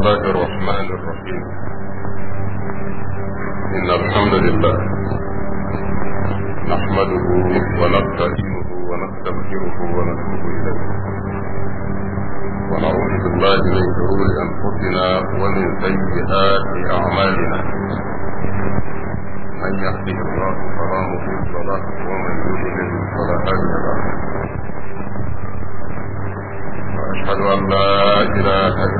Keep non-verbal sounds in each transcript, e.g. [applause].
الله الرحمن الرحيم إن الحمد لله نحمده ونستعينه ونستغفره ونتوب إليه ونعوذ بالله من شرور أنفسنا ومن سيئات أعمالنا من يهده الله فلا مضل له ومن يضلل فلا هادي له وأشهد أن لا إله إلا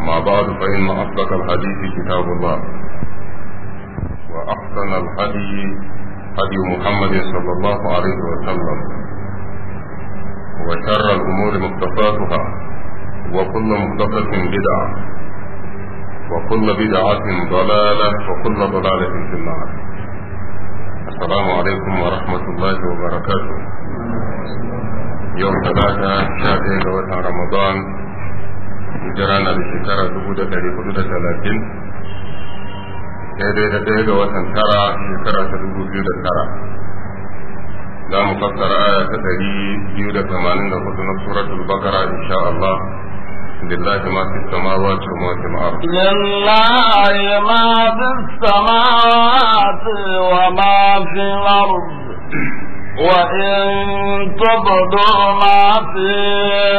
أما بعد فإن أصدق الحديث كتاب الله وأحسن الحديث هدي محمد صلى الله عليه وسلم وشر الأمور مختصاتها وكل مختصة بدعة وكل بدعة ضلالة وكل ضلالة في النار السلام عليكم ورحمة الله وبركاته يوم ثلاثة شهر رمضان hijira na da shekara dubu da ɗari hudu da talatin daidai da ɗaya ga watan tara shekara ta dubu biyu da tara za mu fassara aya ta ɗari biyu da tamanin da hudu na suratul bakara insha Allah لله ما في السماوات وما في الأرض لله ما في السماوات وما في الأرض وإن تبدوا ما في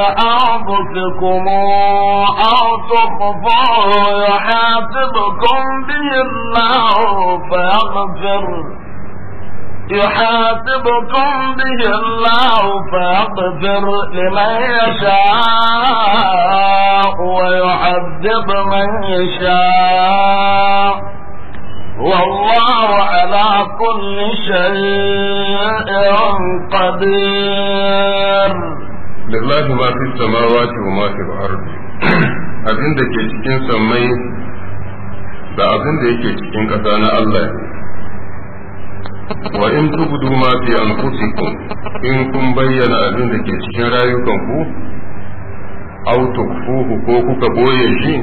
أنفسكم أو تخفوه يحاسبكم به الله فيغفر يحاسبكم به الله فيغفر لمن يشاء ويعذب من يشاء والله على كل شيء قدير لله ما في السماوات وما في الأرض abin da ke cikin sammai da abin da yake cikin ƙasa na Allah ne wa in tubdu ma fi anfusikum in kun bayyana abin da ke cikin rayukanku ko kuka boye shi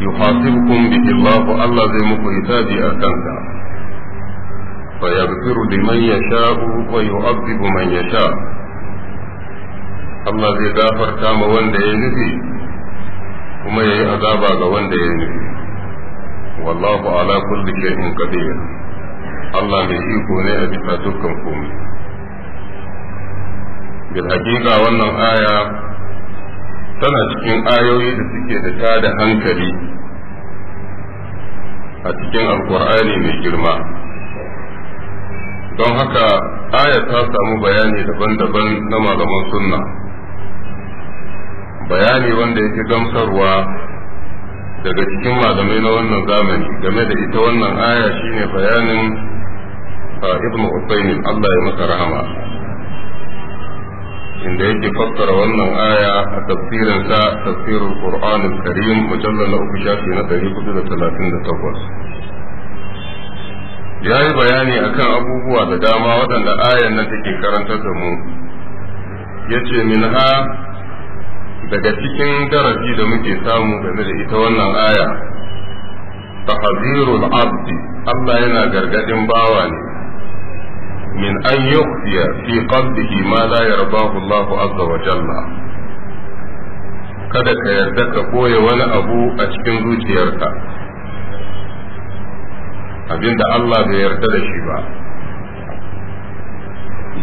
yuhasibukum bihi Allah Allah zai muku hisabi a kanka fa yaghfiru liman yasha'u wa yu'adhibu man yasha Allah zai gafarta ma wanda ya nufi kuma yayi azaba ga wanda ya nufi wallahu ala kulli shay'in Allah mai iko ne a bisa dukkan komai wannan tana cikin ayoyi da suke da tada hankali a cikin alkur'ani mai girma don haka aya ta samu bayani daban-daban na malaman sunna bayani wanda yake gamsarwa daga cikin malamai na wannan zamani game da ita wannan aya shine bayanin ah, ibn Usainin Allah ya masa rahama inda yake fassara wannan aya a tafsirinsa tafsirul Qur'an al-Karim mujallal na uku shafi na takwas, ya yi bayani akan abubuwa da dama waɗanda ayan nan take karantar da mu yace min ha daga cikin darasi da muke samu game da ita wannan aya tahzirul abdi Allah yana gargadin bawa ne min an يخفي في قلبه ma لا يرضاه الله azza wa jalla kada ka yarda ka koya wani abu a cikin zuciyarka abinda Allah bai yarda da shi ba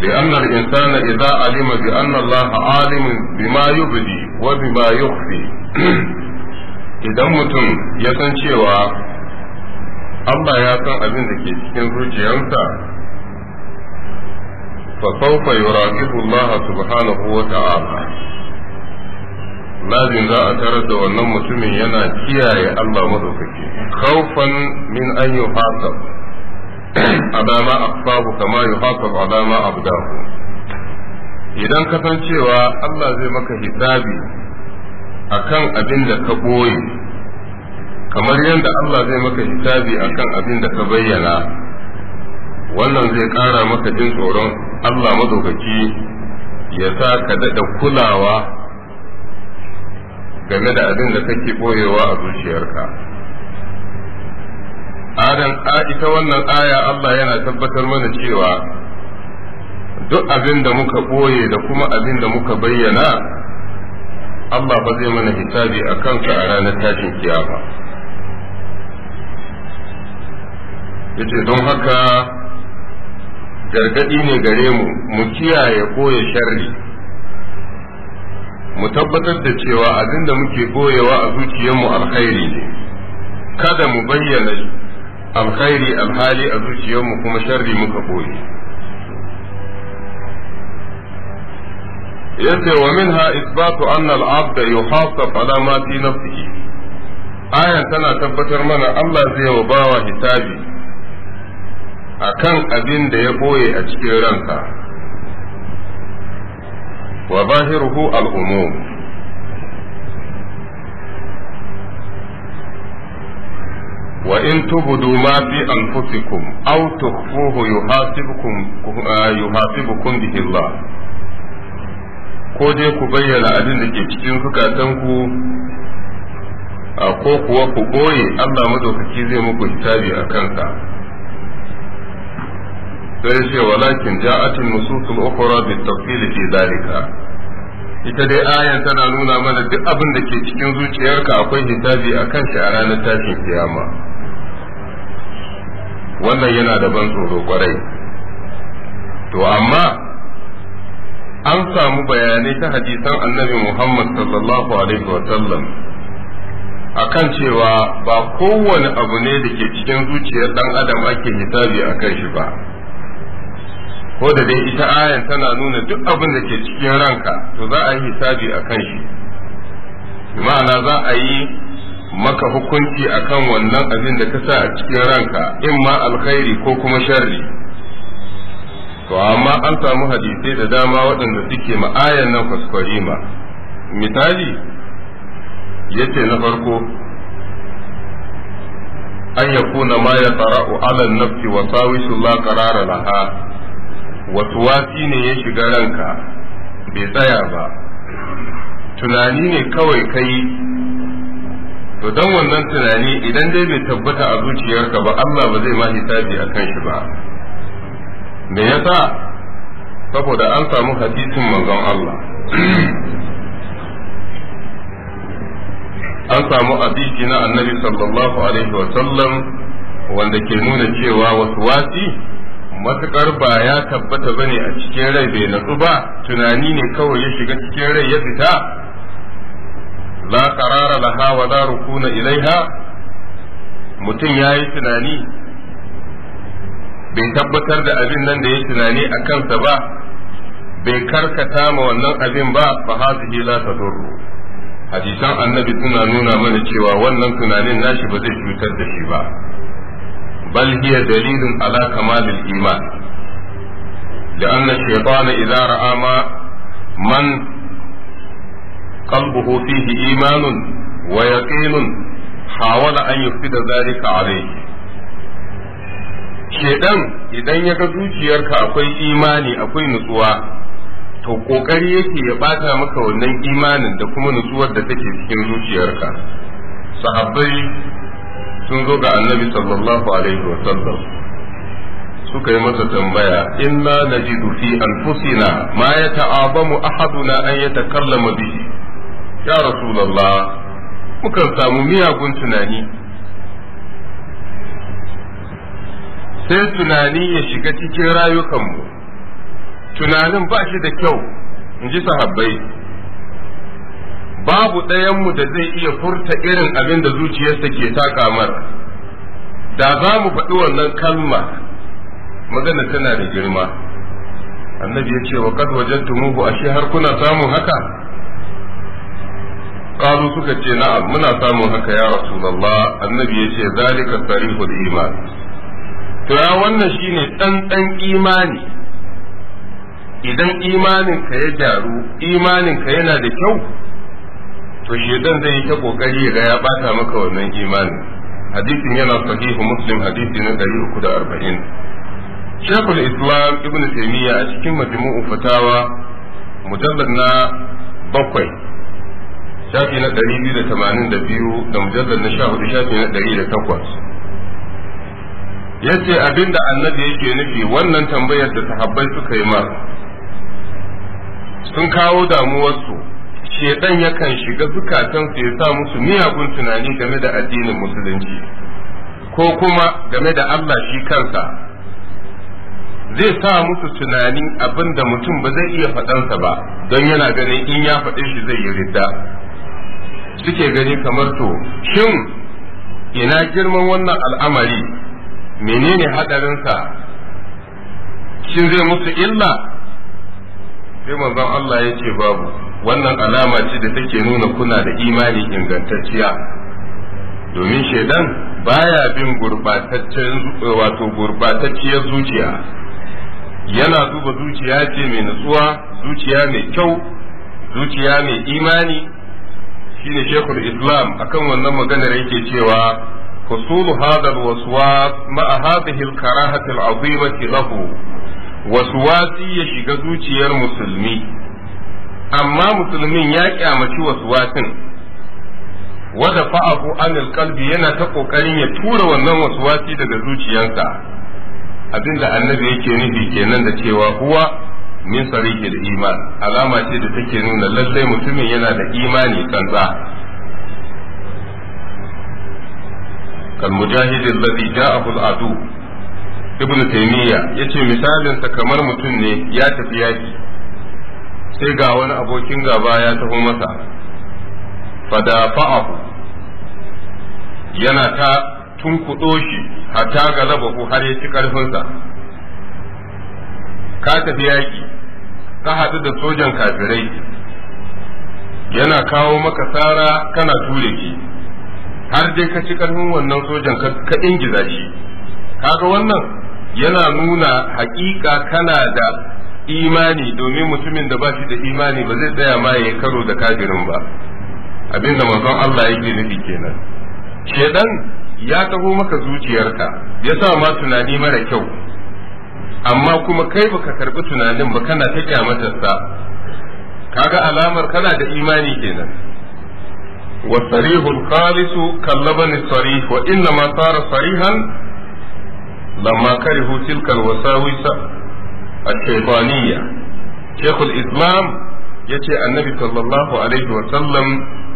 لأن alima bi anna Allah alim bima yubdi wa bima yukhfi idan mutum ya san cewa Allah ya san abin da ke cikin zuciyarsa فسوف يراقب الله سبحانه وتعالى lazim za a tarar da wannan mutumin yana kiyaye Allah madaukaki khawfan min an yuhasab adama aqsabu kama yuhasab adama abdahu idan ka san cewa Allah zai maka hisabi akan abin da ka boye kamar yadda Allah zai maka hisabi akan abin da ka bayyana wannan zai ƙara maka jin tsoron Allah madaukaki ya sa ka daɗa kulawa game da abin da kake ɓoyewa a zuciyarka adan a ita wannan aya Allah yana tabbatar mana cewa duk abin da muka ɓoye da kuma abin da muka bayyana Allah ba zai mana hisabi a kansa a ranar tashin kiyama yace don haka gargadi ne gare mu mu kiyaye koya sharri mu tabbatar da cewa abin da muke koyewa a zuciyarmu alkhairi ne kada mu bayyana alkhairi alhali a zuciyarmu kuma sharri muka koye yace wa minha isbatu anna al-abda yuhasab ala ma fi nafsihi ayan tana tabbatar mana Allah zai wa bawa hitabi. akan abin da ya boye a cikin ranka wa zahiruhu al'umum wa in tubudu ma fi anfusikum aw tukhfuhu yuhasibukum uh, yuhasibukum bihi Allah ko dai ku bayyana abin da ke cikin zukatanku uh, ko kuwa ku boye Allah madaukaki zai muku hisabi a kansa sai ce walakin ja'atin nususul ukhra bi tafsil fi zalika ita dai ayan tana nuna mana duk abin da ke cikin zuciyarka akwai hisabi akan shi a ranar tashin kiyama wannan yana da ban tsoro kwarai to amma an samu bayanai ta hadisan annabi Muhammad sallallahu alaihi wa sallam akan cewa ba kowane abu ne da ke cikin zuciyar dan adam ake hisabi akan shi ba ko da dai ita ayan tana nuna duk abin da ke cikin ranka to za a yi hisabi a kan shi ma'ana za a yi maka hukunci a kan wannan abin da ka sa a cikin ranka in ma alkhairi ko kuma sharri to amma an samu hadisai da dama waɗanda suke ma'ayan nan ma. misali yace na farko an yakuna ma ya tsara'u ala nafsi wa sawisu la qarara laha wasu wasi ne ya shiga ranka bai tsaya ba tunani ne kawai kai to don wannan tunani idan dai bai tabbata a zuciyarka ba Allah ba zai ma hisabi a kan shi ba me yasa saboda an samu hadisin manzon Allah an samu hadisi na annabi sallallahu alaihi wa sallam wanda ke nuna cewa wasu wasi matukar ba ya tabbata bane a cikin rai bai natsu ba tunani ne kawai ya shiga cikin rai ya fita la karara la hawa za rukuna ilaiha mutum ya yi tunani bai tabbatar da abin nan da ya tunani a kansa ba bai karkata ma wannan abin ba ba ke za la tadurru hadisan annabi suna nuna mana cewa wannan tunanin nashi ba zai cutar da shi ba بل هي دليل على كمال الإيمان لأن الشيطان إذا رأى ما من قلبه فيه إيمان ويقين حاول أن يفسد ذلك عليه shedan idan ya ga zuciyarka akwai imani akwai nutsuwa to ƙoƙari yake ya ɓata maka wannan imanin da kuma nutsuwar da take cikin zuciyarka sahabbai sun zo ga annabi sallallahu alaihi wa sallam suka yi masa tambaya inna najidu fi anfusina ma yata'abamu ahaduna an yatakallama bihi ya rasulullah mukan samu miyagun tunani sai tunani ya shiga cikin rayukanmu tunanin ba shi da kyau in ji sahabbai babu ɗayanmu da zai iya furta irin abin da zuciyarsa ke takamar da za mu faɗi wannan kalma magana tana da girma annabi ya ce wa kad wajadtumuhu ashe har kuna samun haka qalu suka ce na'am muna samun haka ya rasulullah annabi ya ce zalika sarihul iman to ya wannan shine ɗanɗan imani idan imaninka ya imanin imaninka yana da kyau to shedan zai yi ta kokari ga ya bata maka wannan imani hadisin yana sahihu muslim hadisi na 340 shekul islam ibn taymiya a cikin majmu'u fatawa mujallad na bakwai shafi na 282 da mujallad na 14 shafi na 108 yace abinda annabi yake nufi wannan tambayar da sahabbai suka yi ma sun kawo damuwarsu shedan yakan shiga zukatansu ya sa musu miyagun tunani game da addinin musulunci ko kuma game da Allah shi kansa zai sa musu tunani abin da mutum ba zai iya faɗansa ba don yana ganin in ya faɗe shi zai yi ridda suke gani kamar to shin ina girman wannan al'amari menene haɗarinsa shin zai musu illa sai manzon Allah ya ce babu wannan alama ce da take nuna kuna da imani ingantacciya domin shaidan baya bin gurbataccen eh, wato gurbatacciyar zuciya yana duba zuciya ce mai nutsuwa zuciya mai kyau zuciya mai imani shine shekul islam akan wannan maganar yake cewa ma'a هذا الوسواس مع هذه الكراهة العظيمة له وسواسي shiga zuciyar musulmi. amma musulmin ya kyamaci wasu wasin, wada fa'afu anil kalbi yana ta kokarin ya tura wannan wasu wasi daga zuciyarsa abinda annabi yake nufi kenan da cewa huwa min sarihi da iman alama ce da take nuna lallai mutumin yana da imani kansa kan mujahidin ladhi ja'ahu al-adu ibnu taymiya yace misalin sa kamar mutum ne ya tafi yaki sai ga wani abokin gaba ya taho masa fa'ahu yana ta tunkuɗo shi hatta ku har ya ci ƙarfinsa ka tafi yaƙi ka haɗu da sojan kafirai yana kawo maka tsara kana ture ki har dai ka ci ƙarfin wannan sojan ka ingiza shi kaga wannan yana nuna haƙiƙa kana da imani domin mutumin da ba shi da imani ba zai tsaya ma ya karo da kafirin ba abinda manzon Allah yake nufi kenan shedan ya taho maka zuciyarka ya sa ma tunani mara kyau amma kuma kai baka karbi tunanin ba kana ta sa kaga alamar kana da imani kenan kallaban sarih wa inna ma sara sarihan lamma karihu tilkal wasawisa الشيطانية شيخ الإسلام yace annabi sallallahu alaihi wa sallam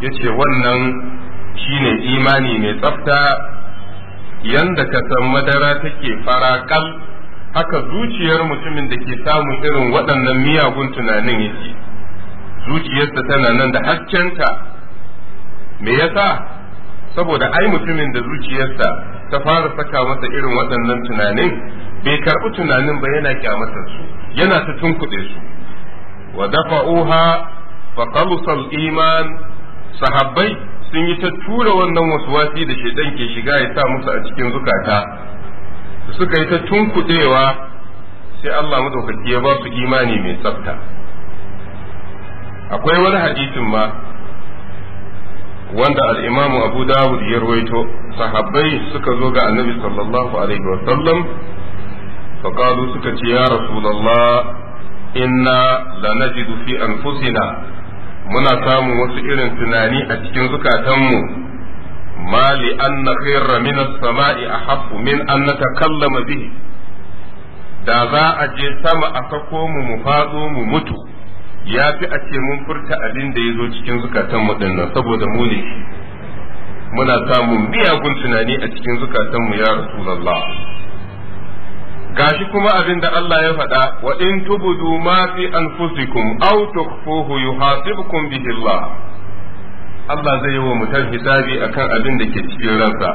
yace wannan shine imani mai tsafta yanda ka san madara take farakal haka zuciyar mutumin da ke samun irin waɗannan miyagun tunanin yake zuciyarsa tana nan da haskenta me yasa saboda ai mutumin da zuciyarsa ta fara saka masa irin waɗannan tunanin bai karɓi tunanin ba yana kyamatar su yana ta tunkuɗe su wa dafa'uha fa qalusal iman sahabbai sun yi ta tura wannan wasuwasi da shedan ke shiga ya sa musu a cikin zukata suka yi ta tunkuɗewa sai Allah madaukaki ya ba su imani mai tsafta akwai wani hadisin ma wanda al-Imam Abu Dawud ya ruwaito, sahabbai suka zo ga Annabi sallallahu alaihi wa sallam faƙalu suka ce ya rasulallah inna lanajidu fi anfusina muna samun wasu irin tunani a cikin zukatanmu Mali li anna khayra min as-sama'i ahabbu min an natakallama bihi da za a je sama a sako mu mu faɗo mu mutu ya fi a ce mun furta abin da ya zo cikin zukatan dinnan saboda mu muna samun miyagun tunani a cikin zukatanmu ya rasulullah gashi kuma abin da Allah ya faɗa wa in tubudu ma fi anfusikum aw tukhfuhu yuhasibukum bihi Allah Allah zai yi wa mutum hisabi akan abin da ke cikin ransa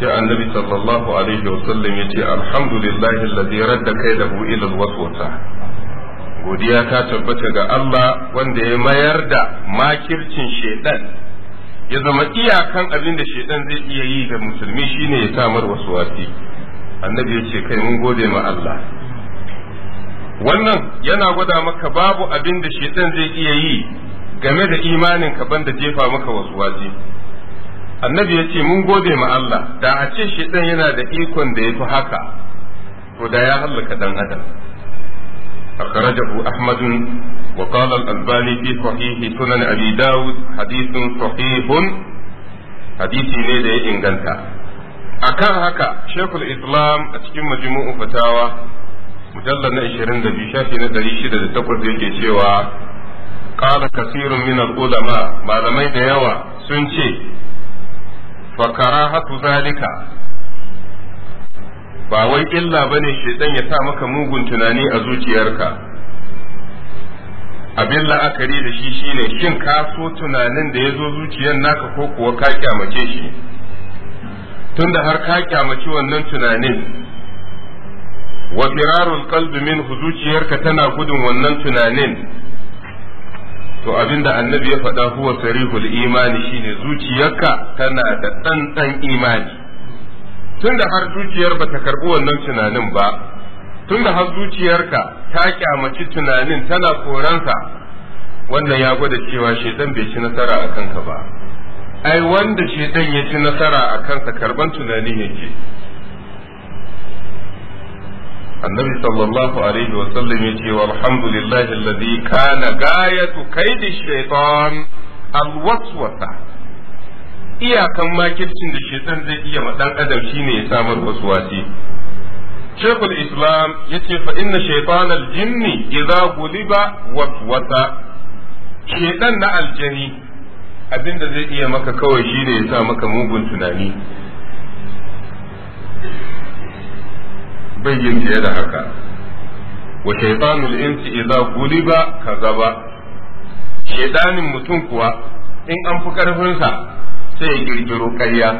sai annabi sallallahu alaihi wa sallam yace alhamdulillahi alladhi radda kaidahu ila alwaswasa godiya ta tabbata ga Allah wanda ya mayar da makircin shedan ya zama iyakan abin da shedan zai iya yi ga musulmi shine ya samar wasu wasi annabi ya ce kai mun gode ma Allah wannan yana gwada maka babu abin da shaitan zai iya yi game da imanin ka banda jefa maka wasu waje. annabi ya ce mun gode ma Allah da a ce shaitan yana da ikon da ya fi haka to da ya hallaka dan adam أخرجه أحمد وقال الألباني في صحيح سنن أبي داود حديث صحيح حديث ليلة إنجلتا A kan haka shekul islam a cikin majmu'u fatawa mujallar na 22 shafi na 608 yake cewa qala kasirun min ulama malamai da yawa sun ce fa karahatu zalika ba wai illa bane shedan ya sa maka mugun tunani a zuciyarka abin la'akari da shi shine shin ka so tunanin da ya zo zuciyar naka ko kuwa ka kyamace shi tunda har ka kyamaci wannan tunanin wa firarul qalbi minhu zuciyarka tana gudun wannan tunanin to abinda annabi ya faɗa huwa sarihul imani shine zuciyarka tana da ɗanɗan imani tunda har zuciyar bata karɓi wannan tunanin ba tunda har zuciyarka ta kyamaci tunanin tana koransa wannan ya gwada cewa shaitan bai ci nasara a kanka ba ai wanda shedan ya ci nasara a kansa karban tunani yake annabi sallallahu alaihi wa sallam yace walhamdulillahi alladhi kana gayatu kaidi shaytan alwaswasa iyakan makircin da shedan zai iya ma dan adam shine ya samar waswasi شيخ الإسلام يتي فإن شيطان الجن إذا غلب وسوس شيطان الجني abin da zai iya maka kawai shi ne ya sa maka mugun tunani yin fiye da haka wa shaitanul insi idza guliba kazaba shaitanin mutum kuwa in an fi karfinsa sai ya girgiro ƙarya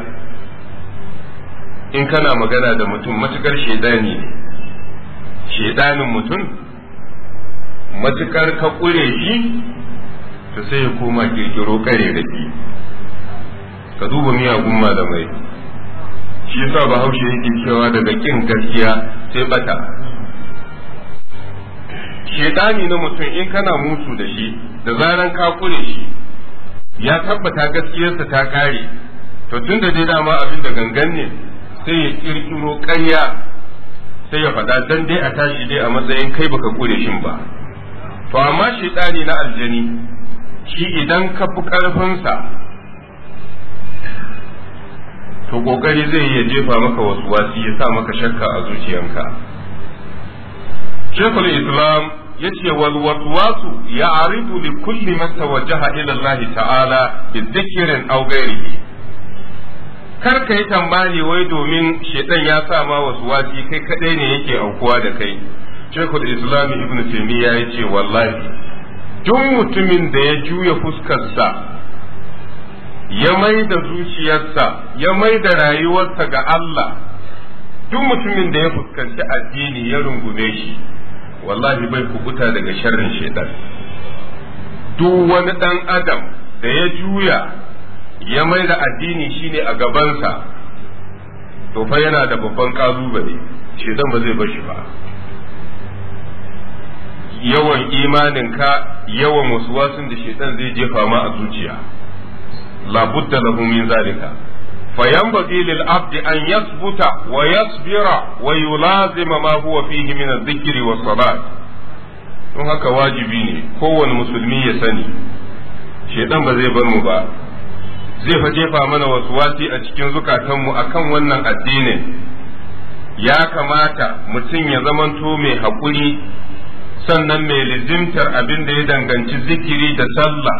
in kana magana da mutum matukar shaitani ne shaitanin mutum matukar ka ƙure shi to sai ya koma kirkiro kare da ka duba miyagun malamai shi yasa bahaushe yake cewa daga kin gaskiya sai bata shedani na mutum in kana musu da shi da zaran ka kure shi ya tabbata gaskiyarsa ta kare to tun da dai dama abin da gangan ne sai ya kirkiro ƙarya sai ya faɗa dan dai a tashi dai a matsayin kai baka kure shi ba to amma shedani na aljani shi idan ka fi ƙarfinsa to ƙoƙari zai iya jefa maka wasu wasi ya sa maka shakka a zuciyanka shekul islam ya ce wal waswasu ya aribu li kulli masa tawajjaha ila ta'ala bi zikirin aw ghairihi kar ka yi tambayi wai domin shedan ya sa ma wasu wasi kai kaɗai ne yake aukuwa da kai shekul islam ibn taymiya ya ce wallahi duk mutumin da ya juya fuskarsa ya mai da zuciyarsa ya mai da rayuwarsa ga Allah duk mutumin da ya fuskanci addini ya rungume shi wallahi bai kubuta daga sharrin shaitan duk wani ɗan adam da ya juya ya mai da addini shine a gabansa to fa yana da babban kalubale shaitan ba zai bar shi ba yawan imaninka yawan wasuwasin da shaitan zai jefa ma a zuciya labudda lahu min zalika an wa yasbira أن يثبت ويصبر ويلازم ما هو فيه zikiri wa salat don haka wajibi ne kowane musulmi ya sani shaitan ba zai bar mu ba zai fa jefa mana wasu wasi a cikin zukatanmu akan wannan addinin ya kamata mutum ya zamanto mai haƙuri sannan mai lizimtar abin da ya danganci zikiri da sallah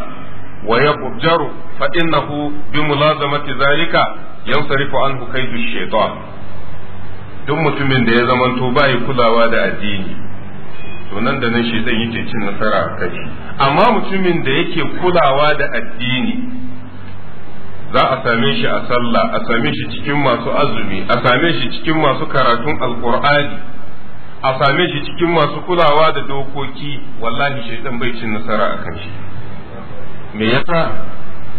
wa ya bujjaru fa innahu bi mulazamati zalika yansarifu anhu kaidu kai duk mutumin da ya zamanto bai kulawa da addini to nan da nan shi shaytan yi cin nasara a kai amma mutumin da yake kulawa da addini za a same shi a sallah a same shi cikin masu azumi a same shi cikin masu karatun alqur'ani a same shi cikin masu kulawa da dokoki wallahi shaitan bai cin nasara a kan shi me yasa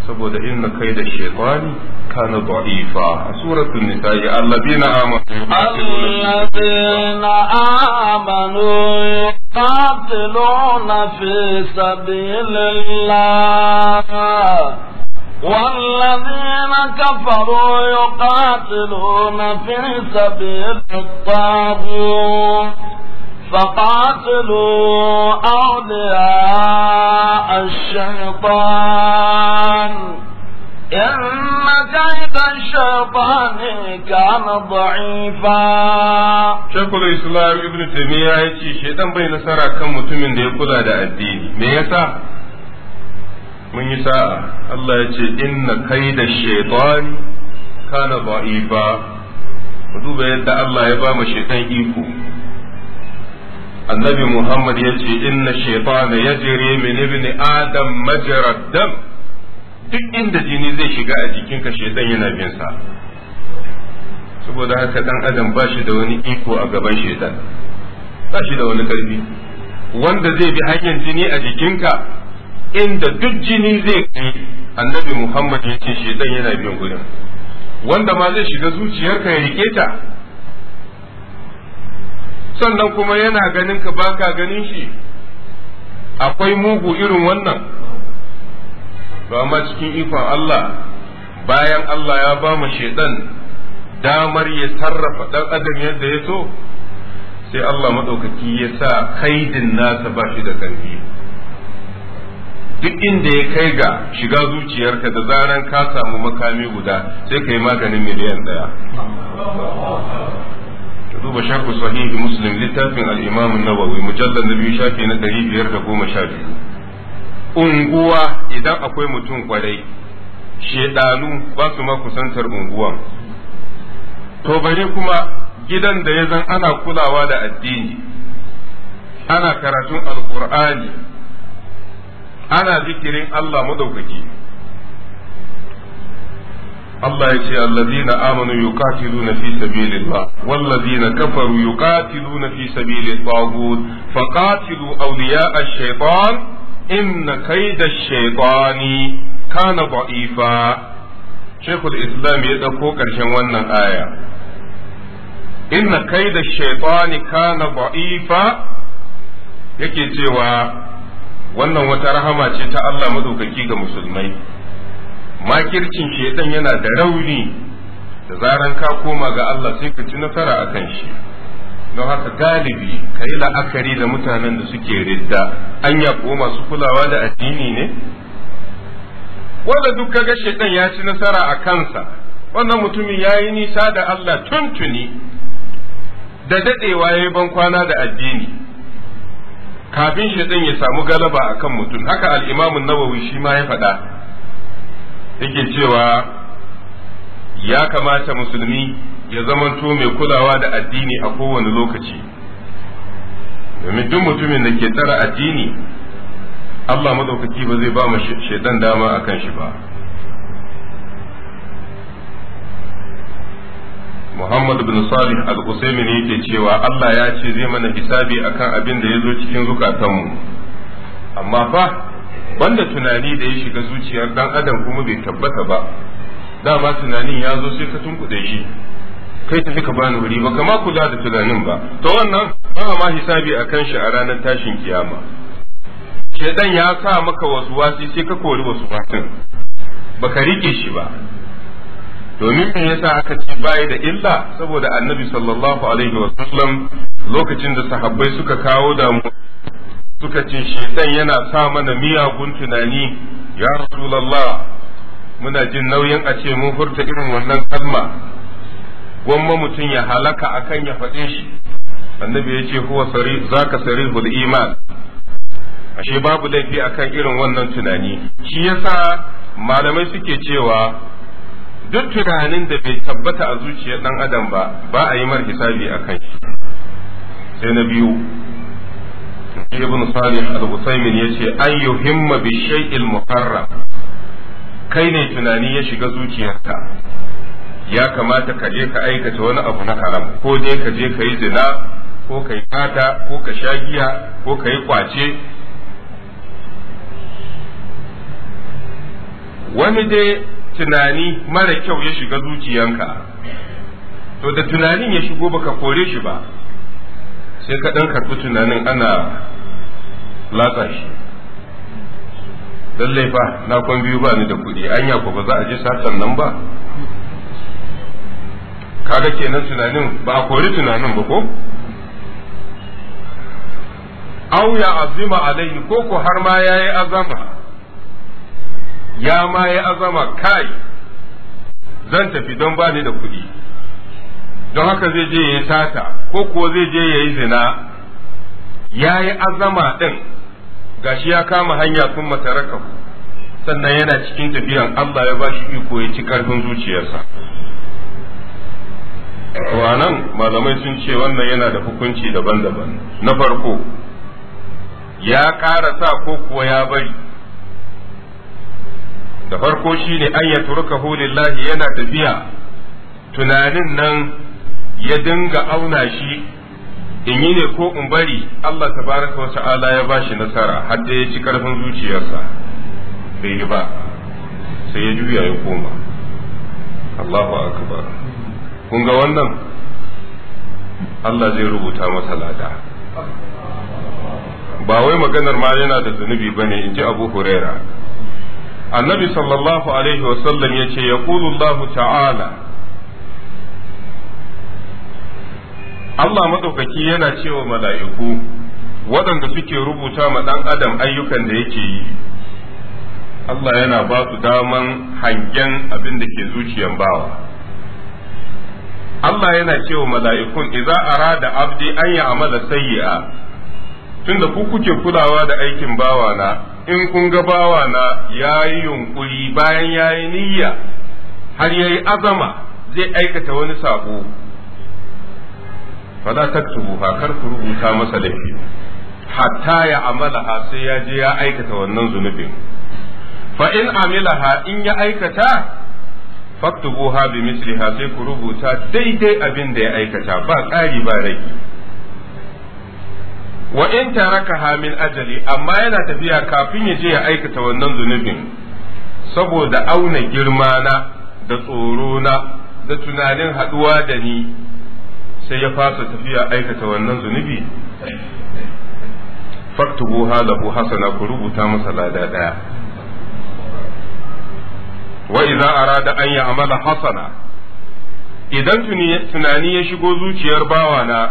saboda inna kaida shaytani kana da'ifa a suratul nisa'i alladhina amanu alladhina amanu yuqatiluna fi sabilillah والذين كفروا يقاتلون في سبيل الطاغوت فقاتلوا أولياء الشيطان إن كيد الشيطان كان ضعيفا شيخ الإسلام ابن تيمية يتي شيطان بين سرى كم متمن دي قدر الدين ميسا mun yi sa'a Allah ya ce inna kai da shaitani kana da'ifa ku duba yadda Allah ya ba mu shaitan iko annabi Muhammad ya ce inna shaitana yajri min ibni adam majra dam duk inda jini zai shiga a jikinka shaitan yana bin sa saboda haka dan adam ba shi da wani iko a gaban shaitan ba shi da wani karfi wanda zai bi hanyar jini a jikinka inda duk jini zai kai annabi muhammad ya ce shedan yana bin gudun. wanda ma zai shiga zuciyarka ya rike ta sannan kuma yana ganin ka baka ganin shi akwai mugu irin wannan to amma cikin ikon Allah bayan Allah ya ba mu shedan damar ya sarrafa dan adam yadda ya so sai Allah maɗaukaki ya sa kaidin nasa ba shi da ƙarfi duk inda ya kai ga shiga zuciyarka da zaran ka samu makami guda sai ka yi maganin miliyan daya duba sharhu sahihi muslim littafin al'imamu an-nawawi mujallar na biyu shafi na biyu. unguwa idan akwai mutum kwarai shedanu ba su ma kusantar unguwan to bari kuma gidan da ya zan ana kulawa da addini ana karatun alkur'ani ana zikirin Allah madaukaki Allah ya ce allazina amanu yuqatiluna fi sabilillah wallazina kafaru yuqatiluna fi sabilit taghut faqatilu awliya'a ash-shaytan inna kayda ash-shaytani kana da'ifa Sheikhul Islam ya dauko karshen wannan aya inna kayda ash-shaytani kana da'ifa yake cewa wannan wata rahama ce ta Allah madaukaki ga musulmai makircin shedan yana da rauni da zaran ka koma ga Allah sai ka ci nasara a kan shi don haka galibi ka yi la'akari da mutanen da suke ridda anya ko masu kulawa da addini ne wanda duk kaga shedan ya ci nasara a kansa wannan mutumin ya yi nisa da Allah tuntuni da dadewa ya yi ban kwana da addini kafin shaitan ya samu galaba a kan mutum haka al'imamin nawawi shi ma ya faɗa yake cewa ya kamata musulmi ya zamanto mai kulawa da addini a kowane lokaci domin duk mutumin da ke tara addini Allah madaukaki ba zai ba mu shaitan dama kan shi ba Muhammad bin Salih al ne yake cewa Allah ya ce zai mana hisabi akan abin da ya zo cikin zukatanmu amma fa banda tunani da ya shiga zuciyar dan adam kuma bai tabbata ba dama tunanin ya zo sai ka tunkuɗe shi kai tafi ka bani wuri ba kama kula da tunanin ba to wannan ba ma hisabi akan shi a ranar tashin kiyama shedan ya sa maka wasu wasi sai ka kori wasu wasin baka rike shi ba domin me yasa aka ce bai da illa saboda annabi sallallahu alaihi wa sallam lokacin da sahabbai suka kawo mu suka ce shedan yana sa mana miyagun tunani ya rasulullah muna jin nauyin a ce mun furta irin wannan kalma gwamma mutum ya halaka akan ya faɗe shi annabi ya ce huwa sari zaka sarihul iman ashe babu laifi akan irin wannan tunani shi yasa malamai suke cewa duk tunanin da bai tabbata a zuciyar dan adam ba ba a yi mar hisabi a kan shi sai na biyu ibn salih al-usaymin yace an yuhimma bi shay'il muharram kai ne tunani ya shiga zuciyarka ya kamata ka je ka aikata wani abu na haram ko dai ka je ka yi zina ko ka yi fata ko ka sha giya ko ka yi kwace wani dai tunani mara kyau ya shiga zuciyanka to da tunanin ya shigo baka kore shi ba sai ka ɗan karɓi tunanin ana latsa shi lallai ba na kwan biyu ba ni da kuɗi anya ko ba za a je satan nan ba kaga kenan tunanin ba a kori tunanin ba ko au ya azima alaihi ko ko har ma yayi azama ya ma ya azama kai zan tafi don ba ni da kuɗi don haka zai je ya yi sata ko kuwa zai je ya yi zina ya yi azama ɗin gashi ya kama hanya sun mataraka sannan yana cikin tafiyan Allah ya ba shi iko ya ci karfin zuciyarsa nan malamai sun ce wannan yana da hukunci daban-daban na farko ya ƙara sa ko kuwa ya bari da farko shine an ya turuka lillahi yana tafiya tunanin nan ya dinga auna shi in yi ne ko in bari Allah ta baraka wa ta'ala ya ba shi nasara har da ya ci karfin zuciyarsa bai yi ba sai ya juya ya koma Allahu akbar kun ga wannan Allah zai rubuta masa lada ba wai maganar ma yana da zunubi bane in ji Abu Huraira annabi sallallahu alaihi wasallam ya ce ya Allah ta'ala Allah maɗaukaki yana cewa mala'iku waɗanda suke rubuta ma ɗan adam ayyukan da yake yi Allah yana ba su daman hangen abin da ke zuciyar bawa Allah yana cewa mala'ikun idza arada abdi an ya amala sayyi'a tunda ku kuke kulawa da aikin bawana in kun ga bawana ya yi yunkuri bayan ya yi niyya har ya yi azama zai aikata wani sabo Fada ta ha kar ku rubuta masa laifi hatta ya amala ha sai ya je ya aikata wannan zunubin fa in ha in ya aikata ha bi misliha sai ku rubuta daidai abin da ya aikata ba tsari ba rai wa in taraka min ajali amma yana tafiya kafin ya je ya aikata wannan zunubin saboda auna girma na da tsoro na da tunanin haduwa da ni sai ya fasa tafiya aikata wannan zunubi faktubu halahu hasana ku rubuta masa lada daya wa idza arada an ya'mala hasana idan tunani ya shigo zuciyar bawana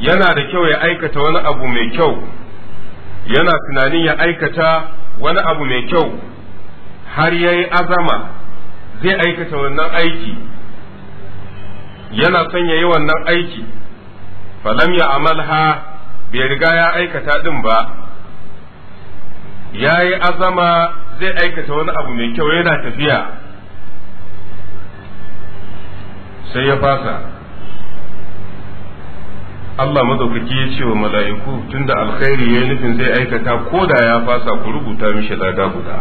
yana da kyau ya aikata wani abu mai kyau yana tunanin ya aikata wani abu mai kyau har ya yi azama zai aikata wannan aiki yana son ya yi wannan aiki falam ya amalha bai riga ya aikata ɗin ba ya yi azama zai aikata wani abu mai kyau yana tafiya sai ya fasa Allah madaukaki ya ce wa mala'iku tunda alkhairi ya yi nufin zai aikata ko da ya fasa ku rubuta mishi lada guda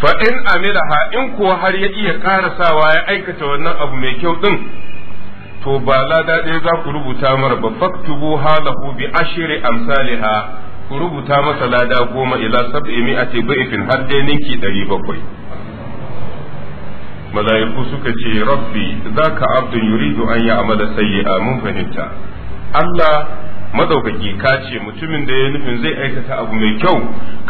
fa in ha in kuwa har ya iya karasawa ya aikata wannan abu mai kyau din to ba lada ɗaya za ku rubuta mara ba faktubu halahu bi ashri amsalha ku rubuta masa lada goma ila sab'i mi'ati bi'fin har dai ninki bakwai. mala'iku suka ce rabbi zaka abdun yuridu an ya amala a mun fahimta Allah madaukaki ka ce mutumin da ya nufin zai aikata abu mai kyau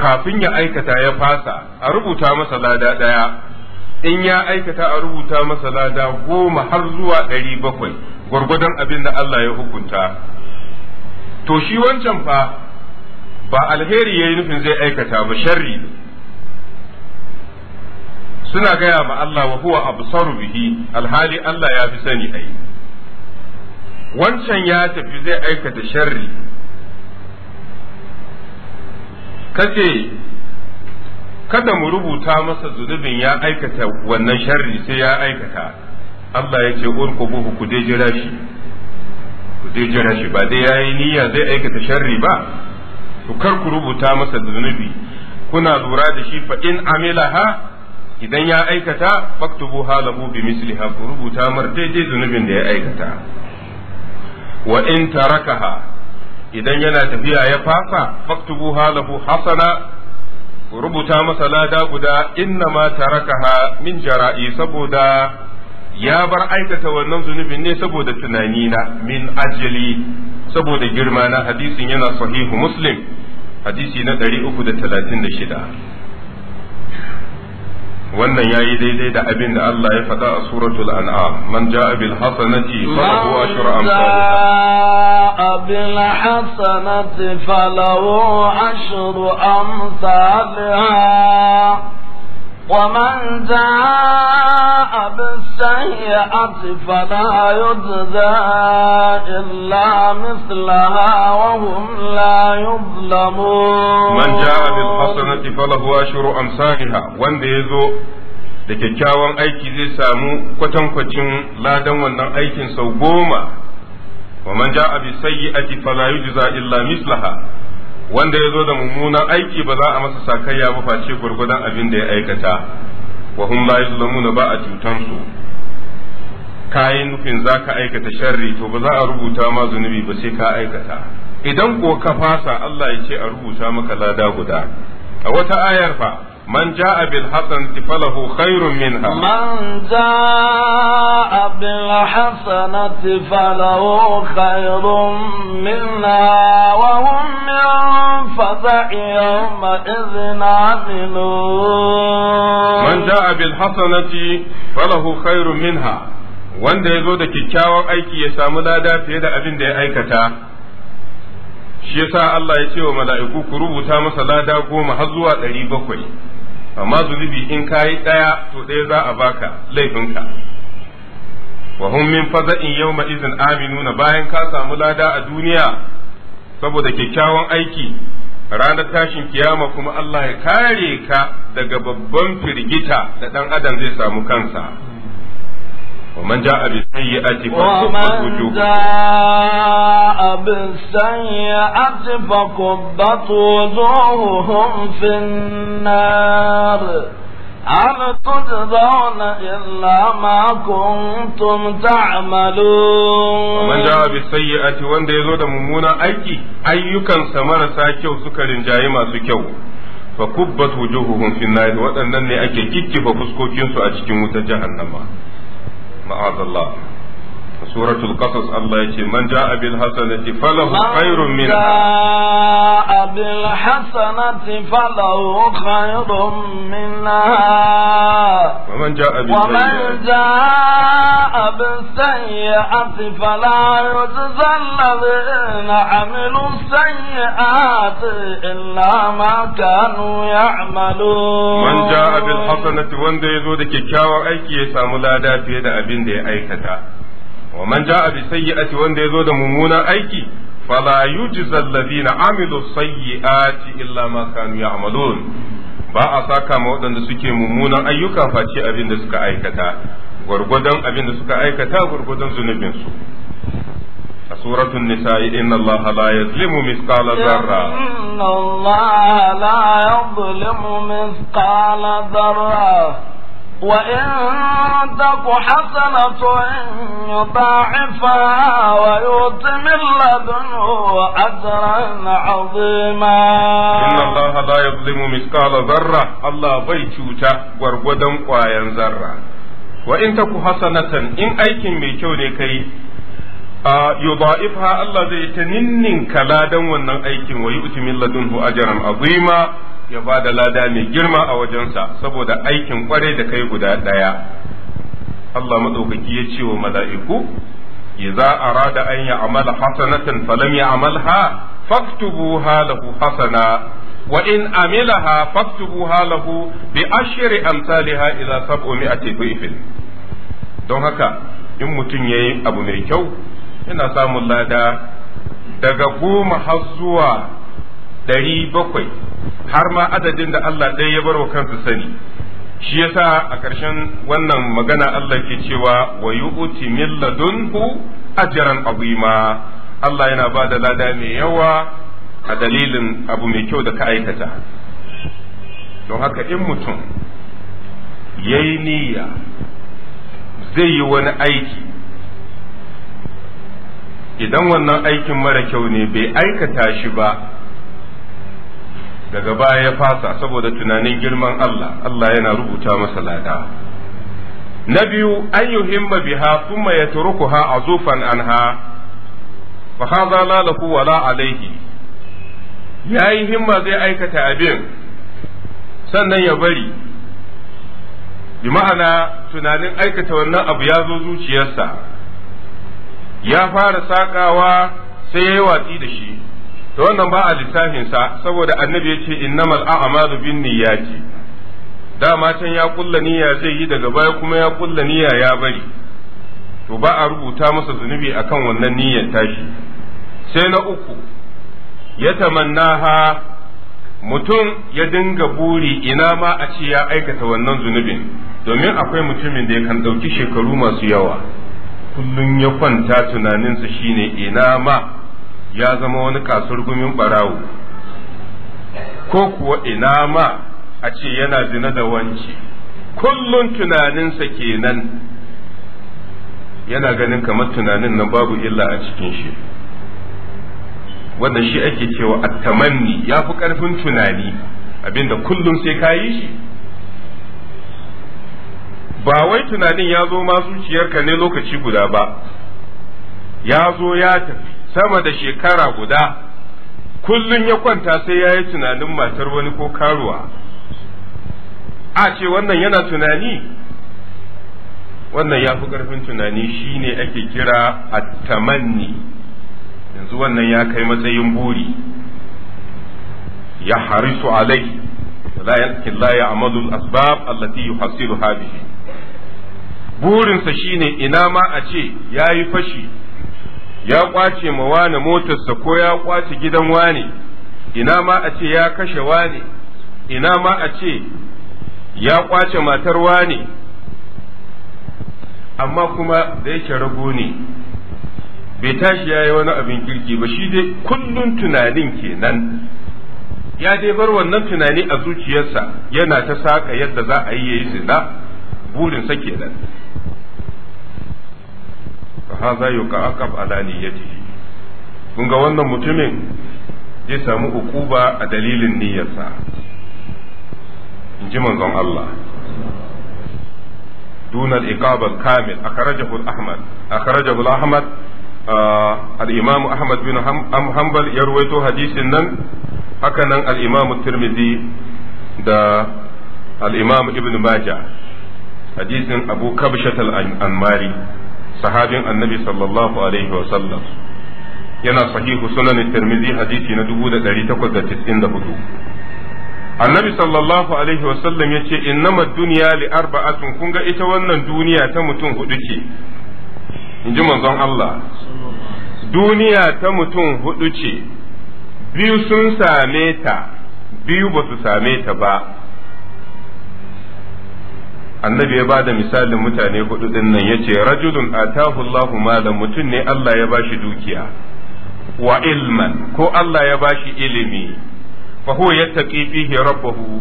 kafin ya aikata ya fasa a rubuta masa lada daya in ya aikata a rubuta masa lada goma har zuwa ɗari bakwai gwargwadon abin da Allah ya hukunta to shi wancan fa ba alheri ya nufin zai aikata ba sharri suna gaya ma Allah wa huwa absaru bihi alhali Allah ya fi sani ai wancan ya tafi zai aikata sharri kace kada mu rubuta masa zunubin ya aikata wannan sharri sai ya aikata Allah ya ce ku dai jira shi ku dai jira shi ba dai yayi niyya zai aikata sharri ba to kar ku rubuta masa zunubi kuna lura da shi fa in amilaha idan ya aikata faktubu halahu bi misliha ku rubuta mar daidai zunubin da ya aikata wa in tarakaha idan yana tafiya ya fasa faktubu halahu hasana ku rubuta masa lada guda inna ma tarakaha min jara'i saboda ya bar aikata wannan zunubin ne saboda tunani na min ajali saboda girma na hadisin yana sahihu muslim hadisi na 336 wannan yayi daidai da abin da Allah ya faɗa a suratul an'am man ja'a bil hasanati falahu ashru amsalha bil hasanati falahu ashru amsalha ومن جاء بالسيئة فلا يجزى إلا مثلها وهم لا يظلمون من جاء بالحسنة فله أشر أمثالها وان يزو da kyakkyawan aiki zai samu kwatankwacin ladan wannan aikin sau goma wa man ja'a bi sayyi'ati fala yujza illa mislaha wanda ya zo da mummunan aiki ba za a masa sakayya ba face gwargwadon abin da ya aikata wa hum la yuzlamuna ba a cutan su kayan nufin za ka aikata sharri to ba za a rubuta ma zunubi ba sai ka aikata idan ko ka fasa Allah ya ce a rubuta maka lada guda a wata ayar fa من جاء بالحسنة فله خير منها من جاء بالحسنة فله خير منها وهم من فزع يومئذ آمنون من جاء بالحسنة فله خير منها wanda ya zo da kyakkyawan aiki ya samu lada fiye da abin da ya aikata shi yasa Allah ya ce wa mala'iku ku rubuta masa lada goma har zuwa ɗari bakwai amma zunubi in kayi ɗaya to ɗaya za a baka laifinka wa hum min faza'in yawma izin aminuna bayan ka samu lada a duniya saboda kyakkyawan aiki ranar tashin kiyama kuma Allah ya kare ka daga babban firgita da ɗan adam zai samu kansa ومن جاء بالسيئة ومن جاء بالسيئة فكبت وجوههم في النار هل تجزون إلا ما كنتم تعملون ومن جاء بالسيئة وان يزود ممونا أيكي أيكا سمر ساكيو سكر جايما سكيو فكبت وجوههم في النار وأن أني أكي كيكي ففسكوكين سأشكي متجهنما معاذ اللہ سورة القصص الله يتي من جاء بالحسنة فله خير منها من جاء بالحسنة فله خير منها ومن جاء ومن جاء بالسيئة فلا يجزى الذين عملوا السيئات إلا ما كانوا يعملون من جاء بالحسنة وندي ذو ذكي كاوى أيكي سامولا دافية أبين دي أيكتا wa man ja'a bi sayyi'ati wanda yazo da mummunan aiki fala yujza alladhina amilu sayyi'ati illa ma kanu ya'malun ba a saka ma waɗanda suke mummunan ayyuka face abin da suka aikata gwargwadon abin da suka aikata gwargwadon zunubin su a suratun nisa'i inna Allah la yazlimu mithqala dharra inna Allah la yazlimu mithqala dharra وإن تك حسنة يضاعفها ويؤت من لدنه أجرا عظيما إن الله لا يظلم مثقال ذرة الله بيتشوتا ورغدا قوايا ذرة وإن تك حسنة إن أيك ميتوني كي يضاعفها الله زي تنين كلادا ونن أيك ويؤت من لدنه أجرا عظيما ya ba da lada mai girma a wajensa saboda aikin kwarai da kai guda ɗaya Allah maɗaukaki ya ce wa mala'iku idza rada an ya'mala hasanatan falam ya'malha faktubuha lahu hasana wa in amilaha faktubuha lahu bi ashri amsalha ila sab'mi'ati dhifin don haka in mutum yayi abu mai kyau yana samun lada daga goma har zuwa ɗari bakwai har ma adadin da Allah ɗaya ya baro kansu sani shi yasa a ƙarshen wannan magana Allah ke cewa wa yu'ti min ladunhu ajran azima Allah yana ba da lada mai yawa a dalilin abu mai kyau da ka aikata don haka in mutum yayi niyya zai yi wani aiki idan wannan aikin mara kyau ne bai aikata shi ba daga baya ya fasa saboda tunanin girman Allah Allah yana rubuta masa lada na biyu an yi himma biha kuma ya zufan an anha fa haza la wala Ya yayi himma zai aikata abin sannan ya bari bi ma'ana tunanin aikata wannan abu ya zo zuciyarsa ya fara saƙawa sai ya yi watsi da shi to wannan ba a littafin sa saboda annabi yace innamal a'malu bin niyyati dama can ya kulla niyya zai yi daga baya kuma ya kulla niyya ya bari to ba a rubuta masa zunubi akan wannan niyyar tashi sai na uku ya tamannaha mutum ya dinga buri ina ma a ce ya aikata wannan zunubin domin akwai mutumin da ya kan ɗauki shekaru masu yawa kullum ya kwanta tunaninsa shine ina ma ya zama wani kasar gumin barawo ko kuwa ina ma a ce yana zina da wanci kullum tunaninsa kenan yana ganin kamar tunanin nan babu illa a cikin shi wanda shi ake cewa attamanni ya fi ƙarfin tunani abinda kullum sai ka yi shi ba wai tunanin ya zo ma zuciyarka ne lokaci guda ba ya zo ya tafi sama da shekara guda kullum ya kwanta sai ya yi tunanin matar wani ko karuwa a ce wannan yana tunani wannan ya fi ƙarfin tunani shine ake kira tamanni yanzu wannan ya kai matsayin buri ya harisu alai la ya amadu asbab allati Hasiru bihi burinsa shine ina ma a ce ya yi fashi ya kwace ma wani motarsa ko ya kwace gidan wani ina ma a ce ya kashe wani ina ma a ce ya kwace matar wani amma kuma da yake rago ne bai tashi ya yi wani abin kirki ba shi dai kullum tunanin kenan ya dai bar wannan tunani a zuciyarsa yana ta saka yadda za a yi ya yi zina burinsa kenan haza yuka kun ga wannan mutumin ya samu hukuba a dalilin niyyarsa in ya ruwaito hadisin nan haka nan al da al-imam ibn hadisin abu sahabin annabi sallallahu alaihi wa sallam yana sahihu sunan tirmizi hadisi na 1894 annabi sallallahu alaihi wa sallam yace innama dunya li arba'atin kun ga ita wannan duniya ta mutum hudu ce inji manzon Allah duniya ta mutum hudu ce biyu sun same ta biyu ba su same ta ba annabi ya bada misalin mutane hudu din nan yace rajulun atahu Allahu malan mutum ne Allah ya bashi dukiya wa ilman ko Allah ya bashi ilimi fa huwa yattaqi fihi rabbahu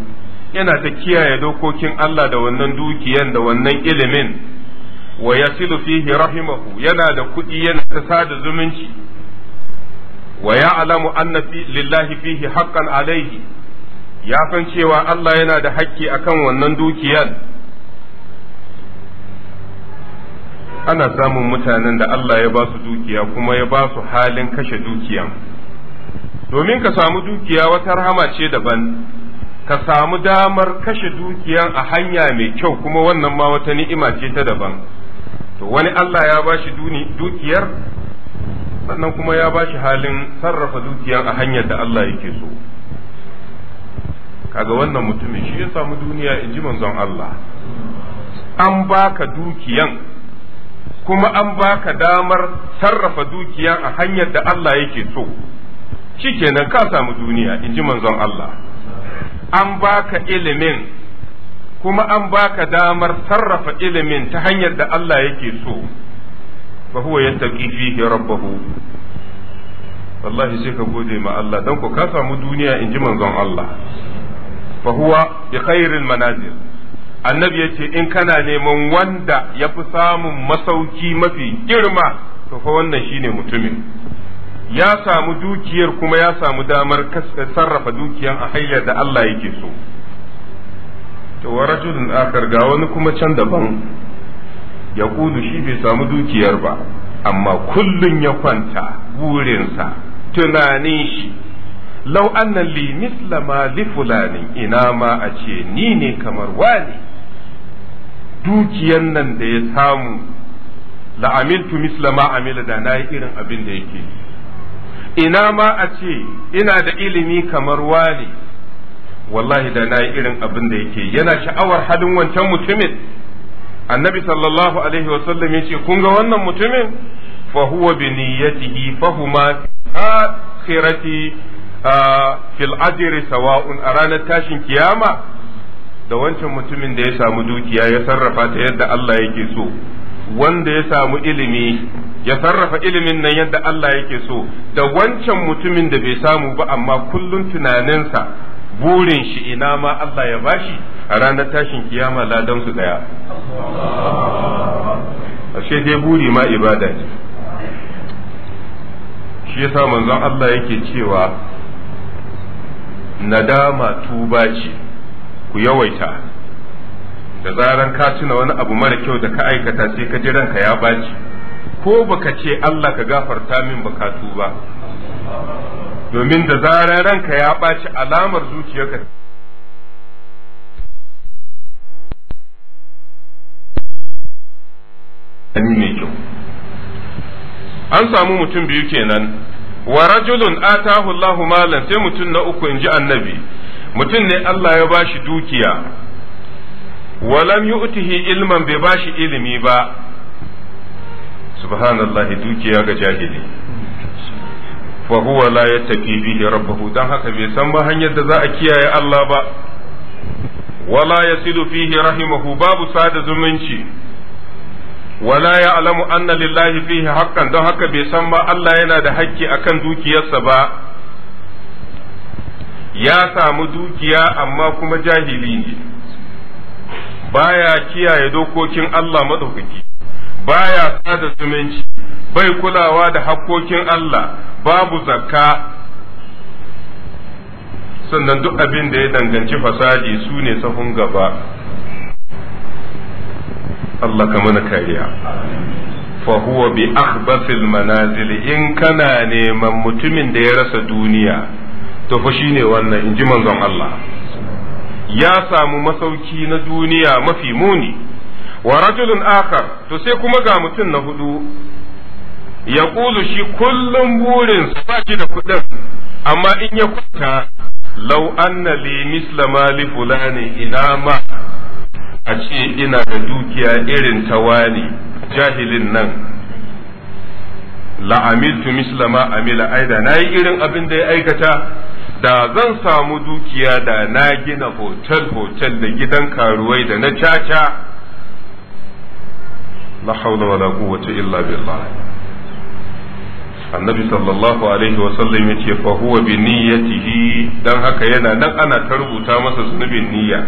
yana ta kiyaye dokokin Allah da wannan dukiyan da wannan ilimin wa yasilu fihi rahimahu yana da kuɗi yana ta sada zumunci wa ya'lamu anna lillahi fihi haqqan alayhi ya san cewa Allah yana da hakki akan wannan dukiyan ana samun mutanen da Allah ya ba su dukiya kuma ya ba su halin kashe dukiya domin ka samu dukiya wata rahama ce daban ka samu damar kashe dukiya a hanya mai kyau kuma wannan ma wata ni'ima ce ta daban to wani Allah ya ba shi dukiyar sannan kuma ya ba shi halin sarrafa dukiyar a hanyar da Allah yake so kaga wannan mutumin shi ya samu duniya in ji manzon Allah an baka dukiyan kuma an baka damar sarrafa dukiya a hanyar da Allah yake so shikenan ka samu duniya in ji manzon Allah an baka ilimin kuma an baka damar sarrafa ilimin ta hanyar da Allah yake so fa huwa yattaqi fihi rabbahu wallahi sai ka gode ma Allah dan ku ka samu duniya in ji manzon Allah fa huwa bi khairil manazil annabi ya ce in kana neman wanda ya fi samun masauki mafi girma to fa wannan shine mutumin ya samu dukiyar kuma ya samu damar sarrafa dukiyar a hanyar da Allah yake so to wa rajulun akar ga wani kuma can daban ya kudu shi bai samu dukiyar ba amma kullun ya kwanta burinsa tunanin shi lau annan li misla fulani ina ma a ce ni ne kamar wani dukiyan nan da ya samu la amiltu misla ma amila da na yi irin abin da yake ina ma a ce ina da ilimi kamar wali. wallahi da na yi irin abin da yake yana sha'awar halin wancan mutumin annabi sallallahu alaihi wa ya ce kun ga wannan mutumin fa huwa bi niyyatihi fa huma akhirati fil ajri sawa'un a ranar tashin kiyama da wancan mutumin da ya samu dukiya ya sarrafa ta yadda Allah yake so wanda ya samu ilimi ya sarrafa ilimin nan yadda Allah yake so da wancan mutumin da bai samu ba amma kullum tunaninsa burin shi ina ma Allah ya bashi a ranar tashin kiyama ladan su daya ashe dai buri ma ibada ce shi yasa manzon Allah yake cewa nadama tuba ce ku yawaita da zaran ka tuna wani abu mara kyau da ka aikata sai ka ji ranka ya baci ko baka ce Allah ka gafarta min bukatu ba domin da zaran ranka ya baci alamar zuciyarka an samu mutum biyu kenan wa rajulun atahu Allahu malan sai mutum na uku inji annabi mutum ne Allah ya bashi dukiya walam yu'tihi ilman bai bashi ilimi ba subhanallah dukiya ga jahili fa huwa la yattaqi bihi rabbahu dan haka bai san ba hanyar da za a kiyaye Allah ba wala yasilu fihi rahimahu babu sada zumunci wala ya'lamu anna lillahi fihi haqqan dan haka bai san ba Allah yana da hakki akan dukiyarsa ba ya samu dukiya amma kuma jahili ne baya kiyaye dokokin Allah madaukaki baya sada zumunci bai kulawa da hakkokin Allah babu zakka sannan duk abin da ya danganci fasadi su ne sahun gaba Allah ka mana kariya fahuwa bi akhbasil manazil in kana neman mutumin da ya rasa duniya to fa shine wannan in manzon Allah ya samu masauki na duniya mafi muni wa rajulun akar to sai kuma ga mutum na hudu ya kulu shi kullum burin saki da kudin amma in ya kwanta law anna li misla mali fulani ina ma a ce ina da dukiya irin tawani jahilin nan la'amiltu misla ma amila aida na irin abin da ya aikata da zan samu dukiya da na gina hotel-hotel da gidan karuwai da na caca la haula wala quwwata illa billah annabi sallallahu alaihi wa sallam yace fa huwa bi niyyatihi dan haka yana nan ana ta rubuta masa zunubin niyya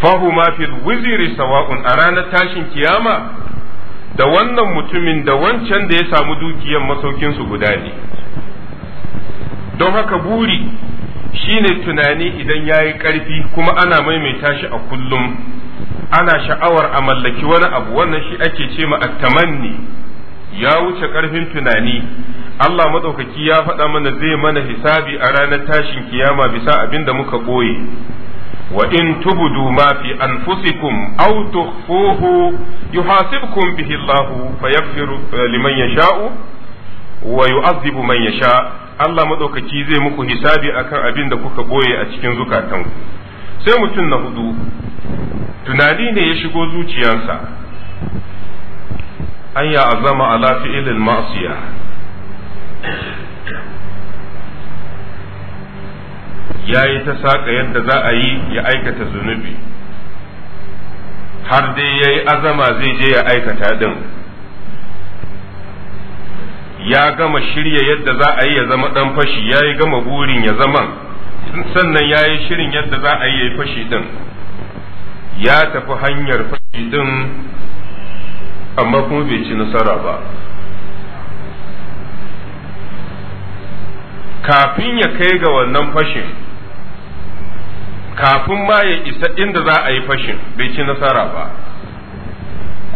fa huma fil sawa'un a ranar tashin kiyama da wannan mutumin da wancan da ya samu dukiyan masaukin su guda ne don haka buri shine tunani idan ya yi ƙarfi kuma ana maimaita shi a kullum ana sha'awar a mallaki wani abu wannan shi ake ce ma tamanni ya wuce ƙarfin tunani Allah maɗaukaki ya faɗa mana zai mana hisabi a ranar tashin kiyama bisa abin da muka ɓoye wa in tubudu ma fi anfusikum aw tukhfuhu yuhasibkum bihi Allah fayaghfiru eh, liman yasha'u wa yu'adhibu man yasha' Allah madaukaki zai muku hisabi akan abin da kuka boye a cikin zukatanku sai mutum na hudu tunani ne ya shigo zuciyarsa an ya azama ala fi'ilil ma'siya ya yi ta saƙa yadda za a yi ya aikata zunubi har dai ya yi azama zai je ya aikata din ya gama shirya yadda za a yi ya zama dan fashi ya yi gama burin ya zama sannan ya yi shirin yadda za a yi ya yi fashi din ya tafi hanyar fashi din amma kuma bai ci nasara ba kafin ya kai ga wannan fashin kafin ma ya isa inda za a yi fashin bai ci nasara ba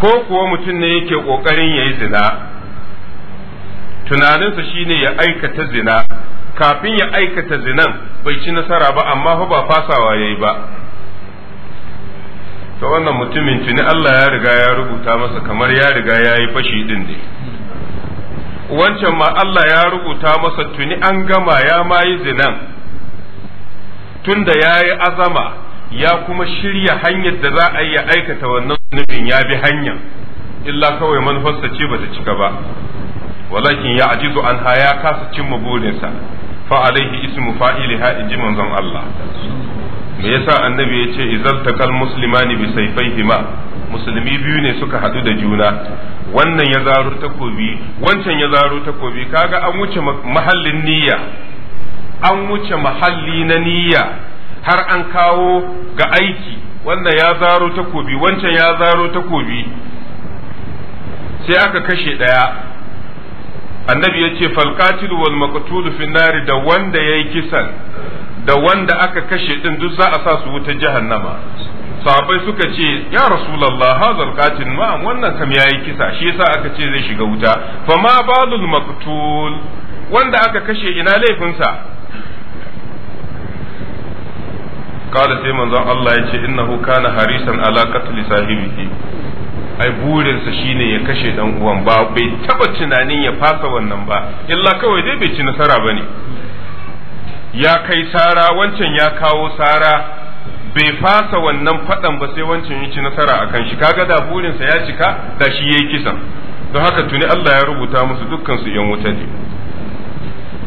ko kuwa mutum ne yake ƙoƙarin ya yi zina tunaninsa shine ya aikata zina kafin ya aikata zinan bai ci nasara ba amma fa ba fasawa yayi ba to wannan mutumin tuni Allah ya riga ya rubuta masa kamar ya riga ya yi fashi din ne wancan ma Allah ya rubuta masa tuni an gama ya ma yi zinan tunda ya yi azama ya kuma shirya hanyar da za a yi aikata wannan zunubin ya bi hanya illa kawai manufarsa ce bata cika ba walakin ya ajizu an haya ya kasa cimma burinsa fa alaihi ismu fa'ili in ji zan Allah me yasa annabi ya ce izal takal muslimani bi musulmi biyu ne suka hadu da juna wannan ya zaro takobi wancan ya zaro takobi kaga an wuce mahallin niyya an wuce mahalli na niyya har an kawo ga aiki wannan ya zaro takobi wancan ya zaro takobi sai aka kashe daya annabi ya ce falkatil wal maqtul fi nari da wanda yayi kisan da wanda aka kashe din duk za a sa su wuta jahannama sahabbai suka ce ya rasulullah hazal qatil ma wannan kam yayi kisa shi yasa aka ce zai shiga wuta fa ma balul maqtul wanda aka kashe ina laifinsa قال سيما الله يجي إنه كان حريصا على قتل صاحبه ai burinsa shine ya kashe dan uwan ba bai taba tunanin ya fasa wannan ba illa kawai dai bai ci nasara bane ya kai sara wancan ya kawo sara bai fasa wannan fadan ba sai wancan ya ci nasara akan shi kaga da burinsa ya cika da shi yayi kisan don haka tuni Allah ya rubuta musu dukkan su yan wuta ne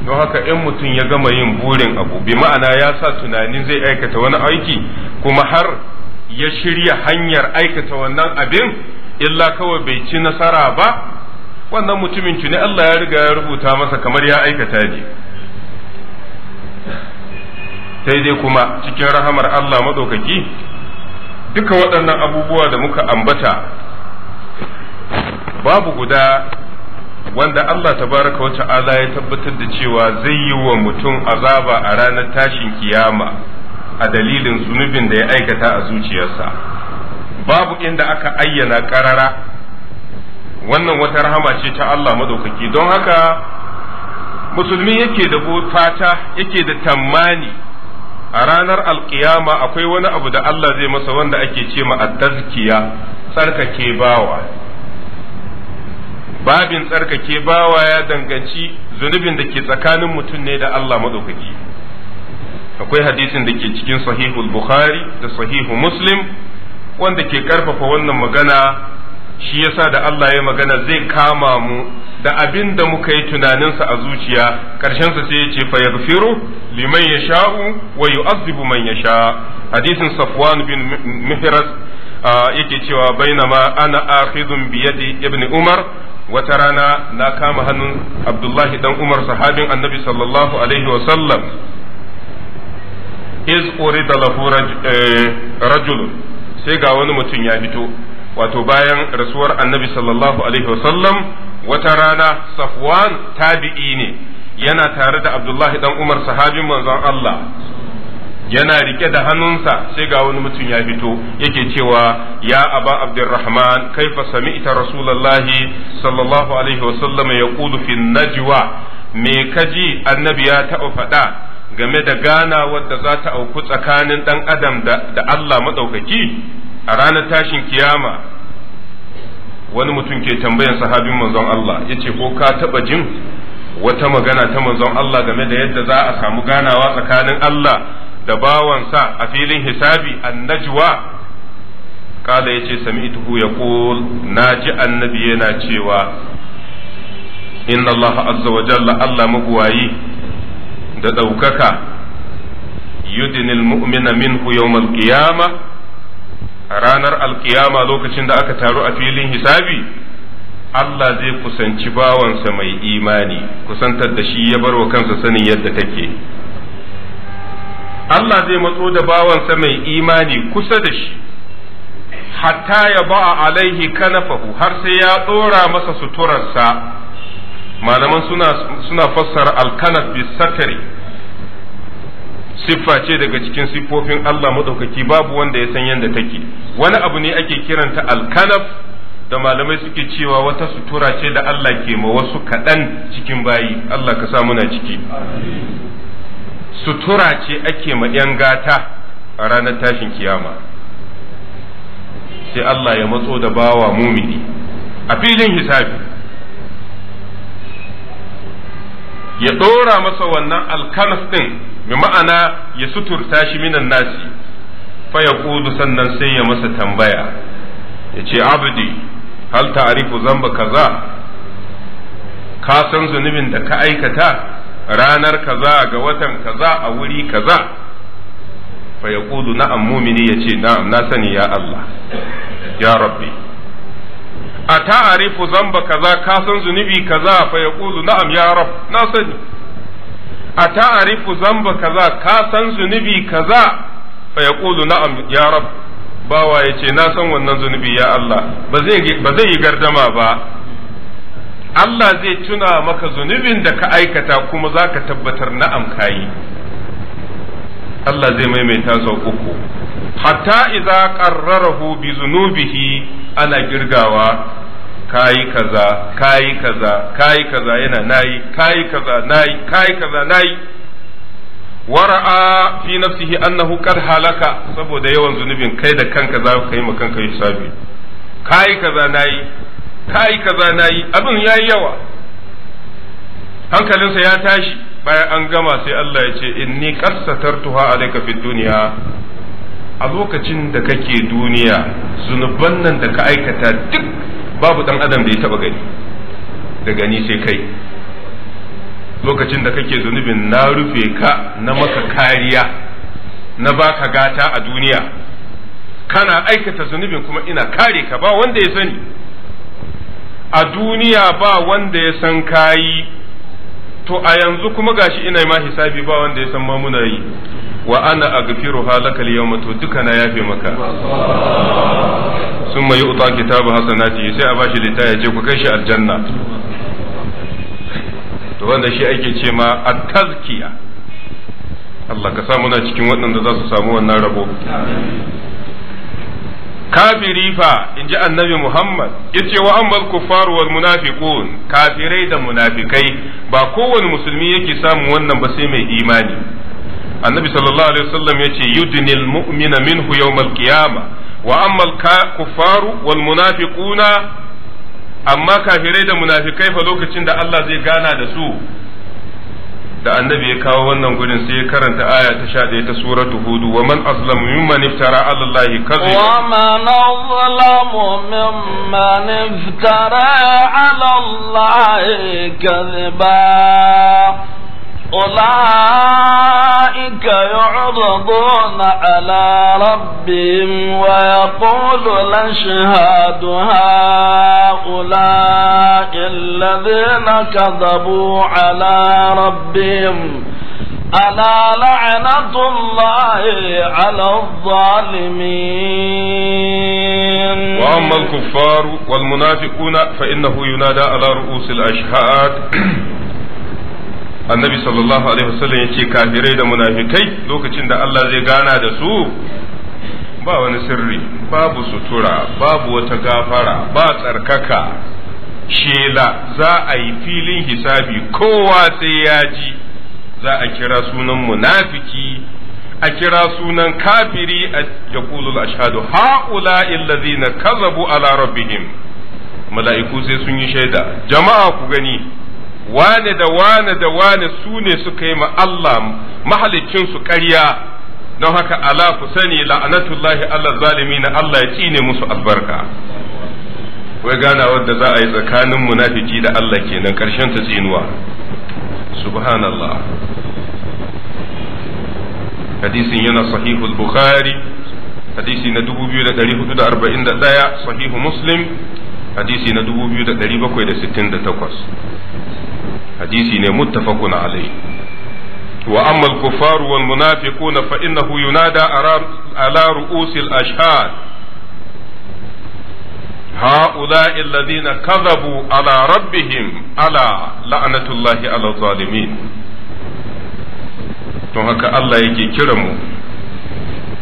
don haka in mutum ya gama yin burin abu bi ma'ana ya sa tunanin zai aikata wani aiki kuma har ya shirya hanyar aikata wannan abin illa kawai bai ci nasara ba wannan mutumin tuni Allah ya riga ya rubuta masa kamar ya aikata ne sai dai kuma cikin rahamar Allah maɗaukaki duka waɗannan abubuwa da muka ambata babu guda wanda Allah tabaraka wa ta'ala ya tabbatar da cewa zai yi wa mutum azaba a ranar tashin kiyama a dalilin zunubin da ya aikata a zuciyarsa babu inda aka ayyana karara wannan wata rahama ce ta Allah madaukaki don haka musulmi yake da fata yake da tammani a ranar alkiyama akwai wani abu da Allah zai masa wanda ake ce ma tazkiya tsarkake bawa babin tsarkake bawa ya danganci zunubin da ke tsakanin mutum ne da Allah madaukaki akwai hadisin da ke cikin sahihul bukhari da sahihu muslim wanda ke karfafa wannan magana shi yasa da Allah ya magana zai kama mu da abin da muka yi tunaninsa a zuciya ƙarshensa sai ya ce fa yaghfiru liman yasha'u wa yu'adhibu man yasha hadisin Safwan bin Mihras yake cewa bainama ana akhidun bi yadi ibn Umar wata rana na kama hannun Abdullahi dan Umar sahabin Annabi sallallahu alaihi wa sallam iz urida lahu eh, rajulun sai ga wani mutum ya fito wato bayan rasuwar annabi sallallahu alaihi wasallam wata rana safwan tabi'i ne yana tare da abdullahi dan umar sahabin manzon Allah yana rike da hannunsa sai ga wani mutum ya fito yake cewa ya aba abdurrahman kaifa sami'ta rasulullahi sallallahu alaihi wasallam yaqulu fi najwa me kaji annabi ya taɓa faɗa game da gana da za ta auku tsakanin ɗan adam da Allah maɗaukaki a ranar tashin kiyama wani mutum ke tambayan sahabin manzon Allah ya ce ko ka taɓa jin wata magana ta manzon Allah game da yadda za a samu ganawa tsakanin Allah da bawansa a filin hisabi annajwa kala ya ce sami'tuhu ya na ji annabi yana cewa inna Allah azza wa jalla Allah maguwayi da ɗaukaka yudinil mu'mina minhu yawmal qiyama ranar alkiyama lokacin da aka taru a filin hisabi Allah zai kusanci bawansa mai imani kusantar da shi ya bar wa kansa sanin yadda take Allah zai matso da bawansa mai imani kusa da shi hatta ya ba alaihi kanafahu har sai ya ɗora masa suturarsa malaman suna, fassara alkanaf bisatari siffa ce daga cikin siffofin Allah maɗaukaki babu wanda ya san yadda take wani abu ne ake kiranta alkanaf da malamai suke cewa wata sutura ce da Allah ke ma wasu kaɗan cikin bayi Allah ka sa muna ciki sutura ce ake ma 'yan gata a ranar tashin kiyama sai Allah ya matso da bawa mumini a filin hisabi ya ɗora masa wannan alkanaf ɗin bi ma'ana ya suturta shi minan nasi fa kudu sannan sai ya masa tambaya ya ce abdi hal ta'rifu zamba kaza ka san zunubin da ka aikata ranar kaza ga watan kaza a wuri kaza fa kudu na'am mumini ce na'am na sani ya Allah ya rabbi a ta'arifu zamba kaza ka san zunubi kaza fa kudu na'am ya rab na sani a ta'arifu zamba kaza ka san zunubi kaza fa yaqulu na'am ya rab bawa yace na san wannan zunubi ya Allah ba zai ba zai yi gardama ba Allah zai tuna maka zunubin da ka aikata kuma za ka tabbatar na'am yi. Allah zai maimaita sau uku hatta idza qarrarahu bi zunubihi ana girgawa kayi kaza kayi kaza kayi kaza yana nayi kayi kaza nayi kayi kaza nayi wara'a fi nafsihi annahu qad halaka saboda yawan zunubin kai da kanka za ka yi ma kanka hisabi kayi kaza nayi kayi kaza nayi abin yayi yawa hankalinsa ya tashi bayan an gama sai Allah ya ce inni qassatartuha alayka fid dunya a lokacin da kake duniya zunuban nan da ka aikata duk babu dan adam da ya taba gani da gani sai kai lokacin da kake zunubin na rufe ka na maka kariya na baka gata a duniya kana aikata zunubin kuma ina kare ka ba wanda ya sani a duniya ba wanda ya san kayi to a yanzu kuma gashi ina ma hisabi ba wanda ya san ma muna yi wa ana aghfiru halakal yawma to duka na yafe maka summa yu'ta kitabu hasanati sai a bashi litaya ce ku kai shi aljanna to wanda shi ake ce ma at-tazkiya Allah ka sa muna cikin waɗanda za su samu wannan rabo kafiri fa in ji annabi Muhammad yace wa ammal kuffar wal munafiqun kafirai da munafikai ba kowane musulmi yake samun wannan ba sai mai imani annabi sallallahu alaihi wasallam yace yudnil mu'mina minhu yawmal qiyama wa ammal kuffaru wal munafiquna amma kafirai da munafikai fa lokacin da Allah zai gana da su da annabi ya kawo wannan gudun sai ya karanta aya ta sha ɗaya ta suratu hudu wa man aslamu mimman iftara ala allahi kazi wa man azlamu mimman iftara ala allahi kaziba أولئك يعرضون على ربهم ويقول الأشهاد هؤلاء الذين كذبوا على ربهم ألا لعنة الله على الظالمين وأما الكفار والمنافقون فإنه ينادى على رؤوس الأشهاد annabi sallallahu alaihi wasallam ya ce kafirai da munafikai lokacin da Allah zai gana da su ba wani sirri babu sutura babu wata gafara ba tsarkaka shela za a yi filin hisabi kowa sai ya ji za a kira sunan munafiki a kira sunan kafiri a yaqulul ashhadu haula illazina kazabu ala rabbihim mala'iku sai sun yi shaida jama'a ku gani wane da wane da wane su ne suka yi ma Allah mahalicin su ƙarya don haka ala ku sani la'anatullahi Allah zalimi na Allah ya tsine musu albarka wai gana wadda za a yi tsakanin munafiki da Allah kenan karshen ta tsinuwa subhanallah hadisin yana sahihul bukhari hadisi na 2441 sahihu muslim hadisi na 2768 hadisi ne muttafaqun alai wa amma al-kuffar wal munafiquna fa innahu yunada ala ru'us al-ashhad هؤلاء الذين كذبوا على ربهم على لعنة الله على الظالمين don haka Allah yake kiran mu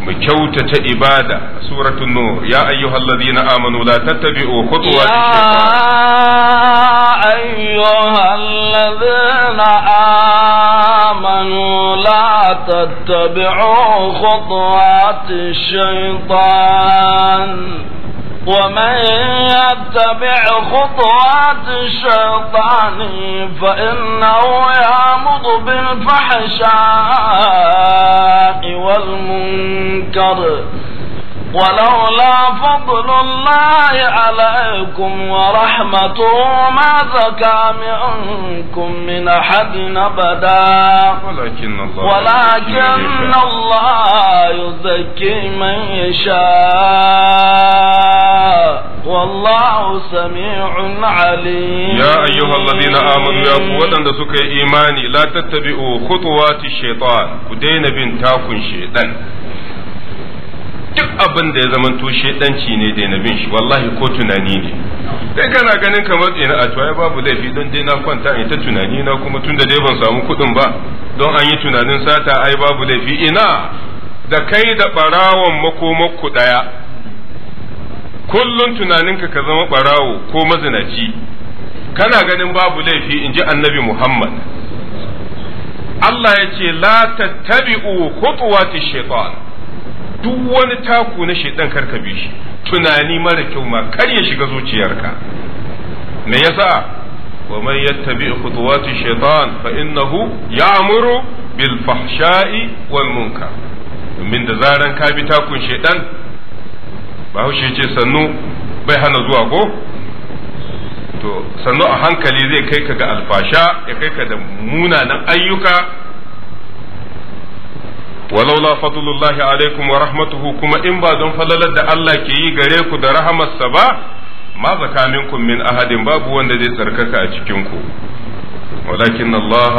mu kyautata ibada suratul nur ya ayyuhallazina amanu la tattabi'u khutuwati shaytan ayyuhallazina amanu la tattabi'u khutuwati shaytan ومن يتبع خطوات الشيطان فإنه يامض بالفحشاء والمنكر ولولا فضل الله عليكم ورحمته ما زكى منكم من أحد أبدا ولكن الله, ولكن الله يزكي من يشاء والله سميع عليم يا أيها الذين آمنوا يا قوة سكي إيماني لا تتبعوا خطوات الشيطان ودين بنتاكم شيطان duk abin da ya zama tushe danci ne dai na bin shi wallahi ko tunani ne sai kana ganin kamar tsina a tuwaye babu laifi don dai na kwanta in ta tunani na kuma tun da dai ban samu kuɗin ba don an yi tunanin sata ai babu laifi ina da kai da ɓarawon ku ɗaya kullum tunaninka ka zama ɓarawo ko mazinaci kana ganin babu laifi in ji annabi muhammad Allah ya ce la tattabi'u khutuwati shaitan duk wani taku na kar ka bi shi tunani mara kyau ma kar ya shiga zuciyarka me yasa wa man yattabi khutuwati shaitan fa innahu ya'muru bil fahsha'i wal munkar domin da zaran ka bi takun ba bahaushe ce sannu bai hana zuwa ko? to sannu a hankali zai kai ka ga alfasha ya kai ka da munanan ayyuka walaula fadlullahi alaikum wa rahmatuhu kuma in ba don falalar da Allah ke yi gare ku da rahamarsa ba ma zakaminkum min ahadin babu wanda zai tsarkaka a cikin ku walakin Allah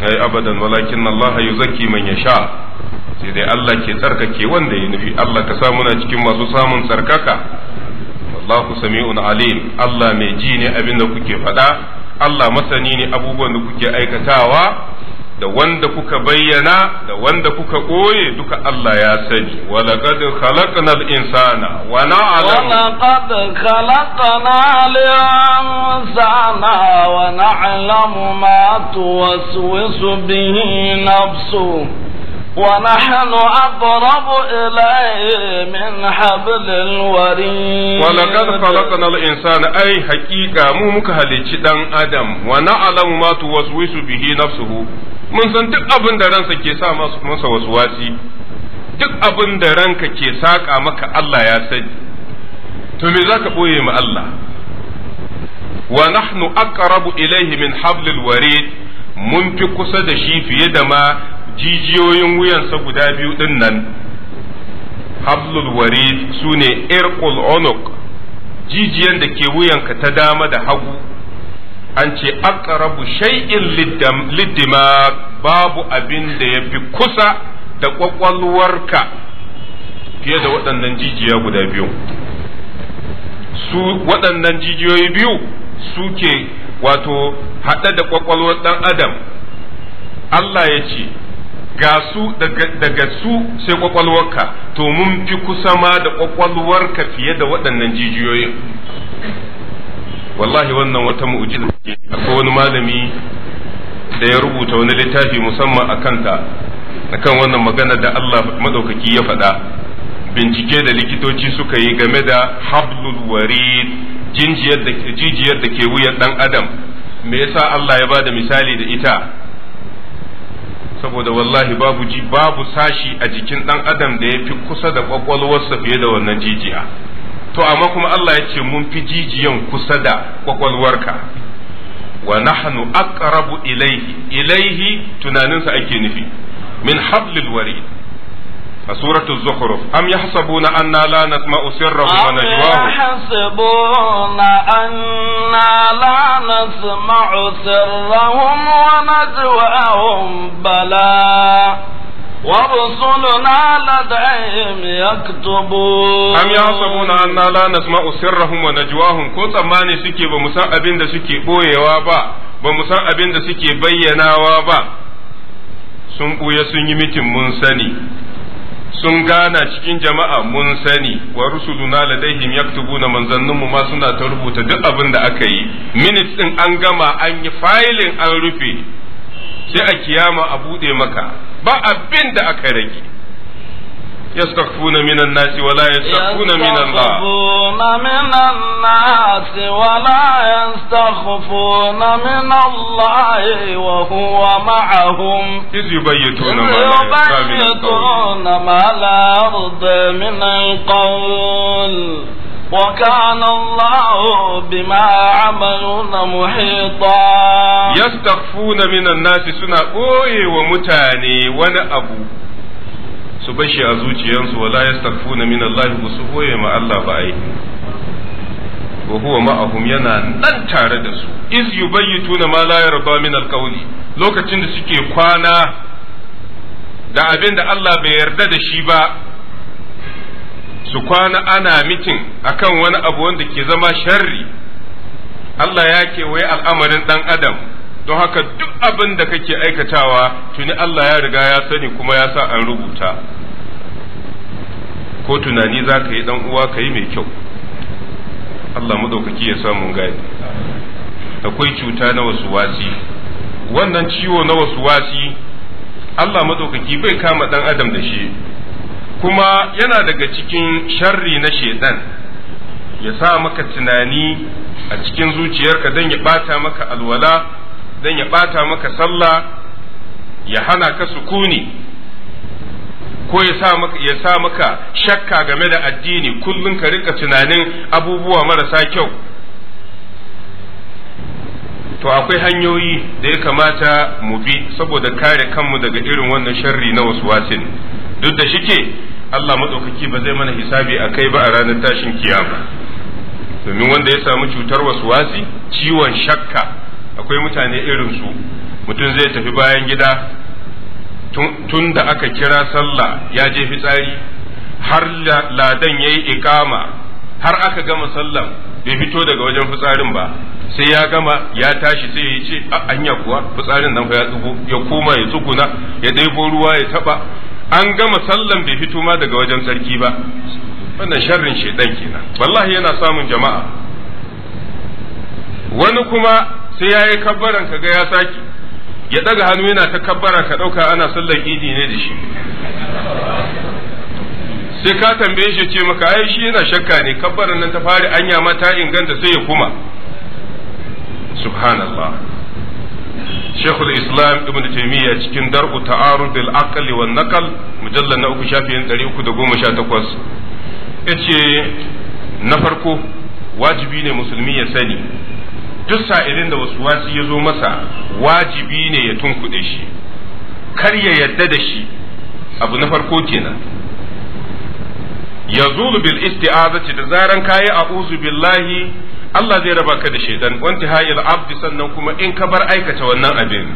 ai abadan walakin Allah yuzakki man yasha sai dai Allah ke tsarkake wanda ya nufi Allah ka samu na cikin masu samun tsarkaka wallahu sami'un alim Allah mai ji ne abin da kuke faɗa Allah masani ne abubuwan da kuke aikatawa da wanda kuka bayyana da wanda kuka koye duka Allah ya sani walaqad khalaqnal insana wa na'lamu walaqad khalaqnal insana wa na'lamu ma tuwaswisu bihi nafsuhu ونحن أقرب إليه من حبل الوريد ولقد خلقنا الإنسان أي حقيقة مو مكهل آدم ونعلم ما توسوس به نفسه mun san duk abin da ransa ke sa masa wasu wasi duk abin da ranka ke saƙa maka Allah ya sani to me zaka ɓoye ma Allah wa nahnu aqrabu ilaihi min hablil warid mun fi kusa da shi fiye da ma jijiyoyin wuyansa guda biyu din nan hablul warid sune irqul unuq jijiyan da ke wuyanka ta dama da hagu an ce aqrabu shay'in liddimaq babu abin da yafi kusa da kwakwalwarka fiye da waɗannan jijiya guda biyu su waɗannan jijiyoyi biyu suke wato haɗe da kwakwalwar ɗan adam Allah ya ce ga su daga su sai kwakwalwarka to mun fi kusa ma da kwakwalwarka fiye da waɗannan jijiyoyin wallahi wannan wata mu'jiza ce ko wani malami da ya rubuta wani littafi musamman a kanta akan wannan magana da Allah madaukaki ya faɗa bincike da likitoci suka yi game da hablul warid jijiyar da ke wuyan dan adam me yasa Allah ya bada misali da ita saboda wallahi babu ji babu sashi a jikin dan adam da ya fi kusa da kwakwalwarsa fiye da wannan jijiya to amma kuma Allah ya ce mun fi jijiyan kusa da kwakwalwarka wa nahnu aqrabu ilaihi ilaihi tunaninsa ake nufi min hablil warid a suratu zukhruf am yahsabuna anna la nasma'u sirrahum wa najwahum yahsabuna anna la nasma'u sirrahum wa najwahum bala ورسلنا لديهم يكتبون أم يحسبون أننا لا نسمع سرهم ونجواهم كنت أماني سكي بمسا أبين دا سكي بوي وابا san abin دا سكي بينا وابا sun ɓuya sun yi mitin mun sani sun gana cikin jama'a mun sani wa na ladaihim yaktubuna manzanninmu ma suna ta rubuta duk abin da aka yi minis din an gama an yi filing an rufe sai a kiyama a buɗe maka ba abin da aka rage يستخفون من الناس ولا يستخفون من الله يستخفون من الناس ولا يستخفون من الله وهو معهم إذ يبيتون ما لا يرضى من القول وكان الله بما عملون محيطا يستخفون من الناس سنا قوي ومتاني وانا ابو su bashi a zuciyansu wala yastaghfuna min Allah ba su koye Allah ba ai wa ma'ahum yana nan tare da su iz yubayyituna ma la yarda min alqawli lokacin da suke kwana da abin da Allah bai yarda da shi ba su kwana ana mitin akan wani abu wanda ke zama sharri Allah ya ke wai al'amarin ɗan adam don haka duk abin da kake aikatawa tuni Allah ya riga ya sani kuma ya sa an rubuta ko tunani za ka yi ɗan uwa ka yi mai kyau Allah maɗaukaki ya mun gani akwai cuta na wasu wasi wannan ciwo na wasu wasi Allah maɗaukaki bai kama ɗan adam da shi kuma yana daga cikin sharri na shaidan ya sa maka tunani a cikin zuciyarka don ya bata maka alwala don ya bata maka sallah ya hana ka sukuni ko ya sa maka ya sa maka shakka game da addini kullum ka rika tunanin abubuwa marasa kyau to akwai hanyoyi da ya kamata mu bi saboda kare kanmu daga irin wannan sharri na wasu wasin duk da shi ke, Allah maɗaukaki ba zai mana hisabi a kai ba a ranar tashin kiyama domin wanda ya samu cutar wasu wasi, ciwon shakka akwai mutane irin su mutum zai tafi bayan gida tun da aka kira sallah ya je fitsari har ladan ya yi ikama har aka gama Sallah bai fito daga wajen fitsarin ba sai ya gama ya tashi sai ya ce a ah, anya kuwa fitsarin nan ya tsugu ya koma ya tsuguna ya ɗebo ruwa ya taba an gama sallan bai fito ma daga wajen sarki ba wannan sharrin shaidan kenan wallahi yana samun jama'a wani kuma sai ya yi kabbaran ka ga ya saki ya daga hannu yana ta kabbara ka dauka ana sallan idi ne da shi sai ka tambaye shi ce maka ai shi yana shakka ne kabbaran nan ta fari anya ma ta inganta sai ya kuma subhanallah shekul islam ibn taimiyya cikin dar'u ta'arudil aqli wan naqal mujallal na uku shafiyan 318 yace na farko wajibi ne musulmi ya sani duk sa'ilin da wasu ya zo masa wajibi ne ya kuɗe shi kar ya yadda da shi abu na farko kenan ya bil isti'azati da zaran kayi a'udhu billahi Allah zai raba ka da shaidan wanti ha'il abdi sannan kuma in ka bar aikata wannan abin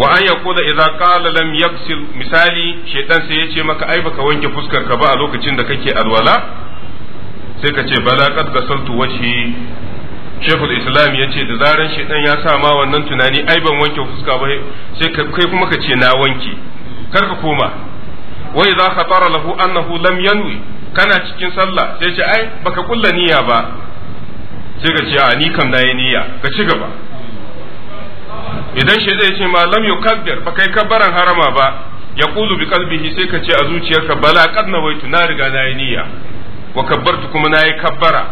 wa an yaqula idza qala lam yaksil misali shaidan sai yace maka ai baka wanke fuskar ka ba a lokacin da kake alwala sai ka ce bala qad ghasaltu wajhi Sheikhul Islam ya ce da zaran shaidan ya sa ma wannan tunani ai ban wanke fuska ba sai kai kuma ka ce na wanke kar ka koma wa idza khatara lahu annahu lam yanwi kana cikin sallah sai ce ai baka kulla niyya ba sai ka ce a ni kam na yi niyya ka ci gaba idan shi zai ce ma lam yukabbir ba kai kabbaran harama ba ya kulu bi kalbihi sai ka ce a zuciyarka bala kad waitu na riga na yi niyya wa kabbartu kuma na yi kabbara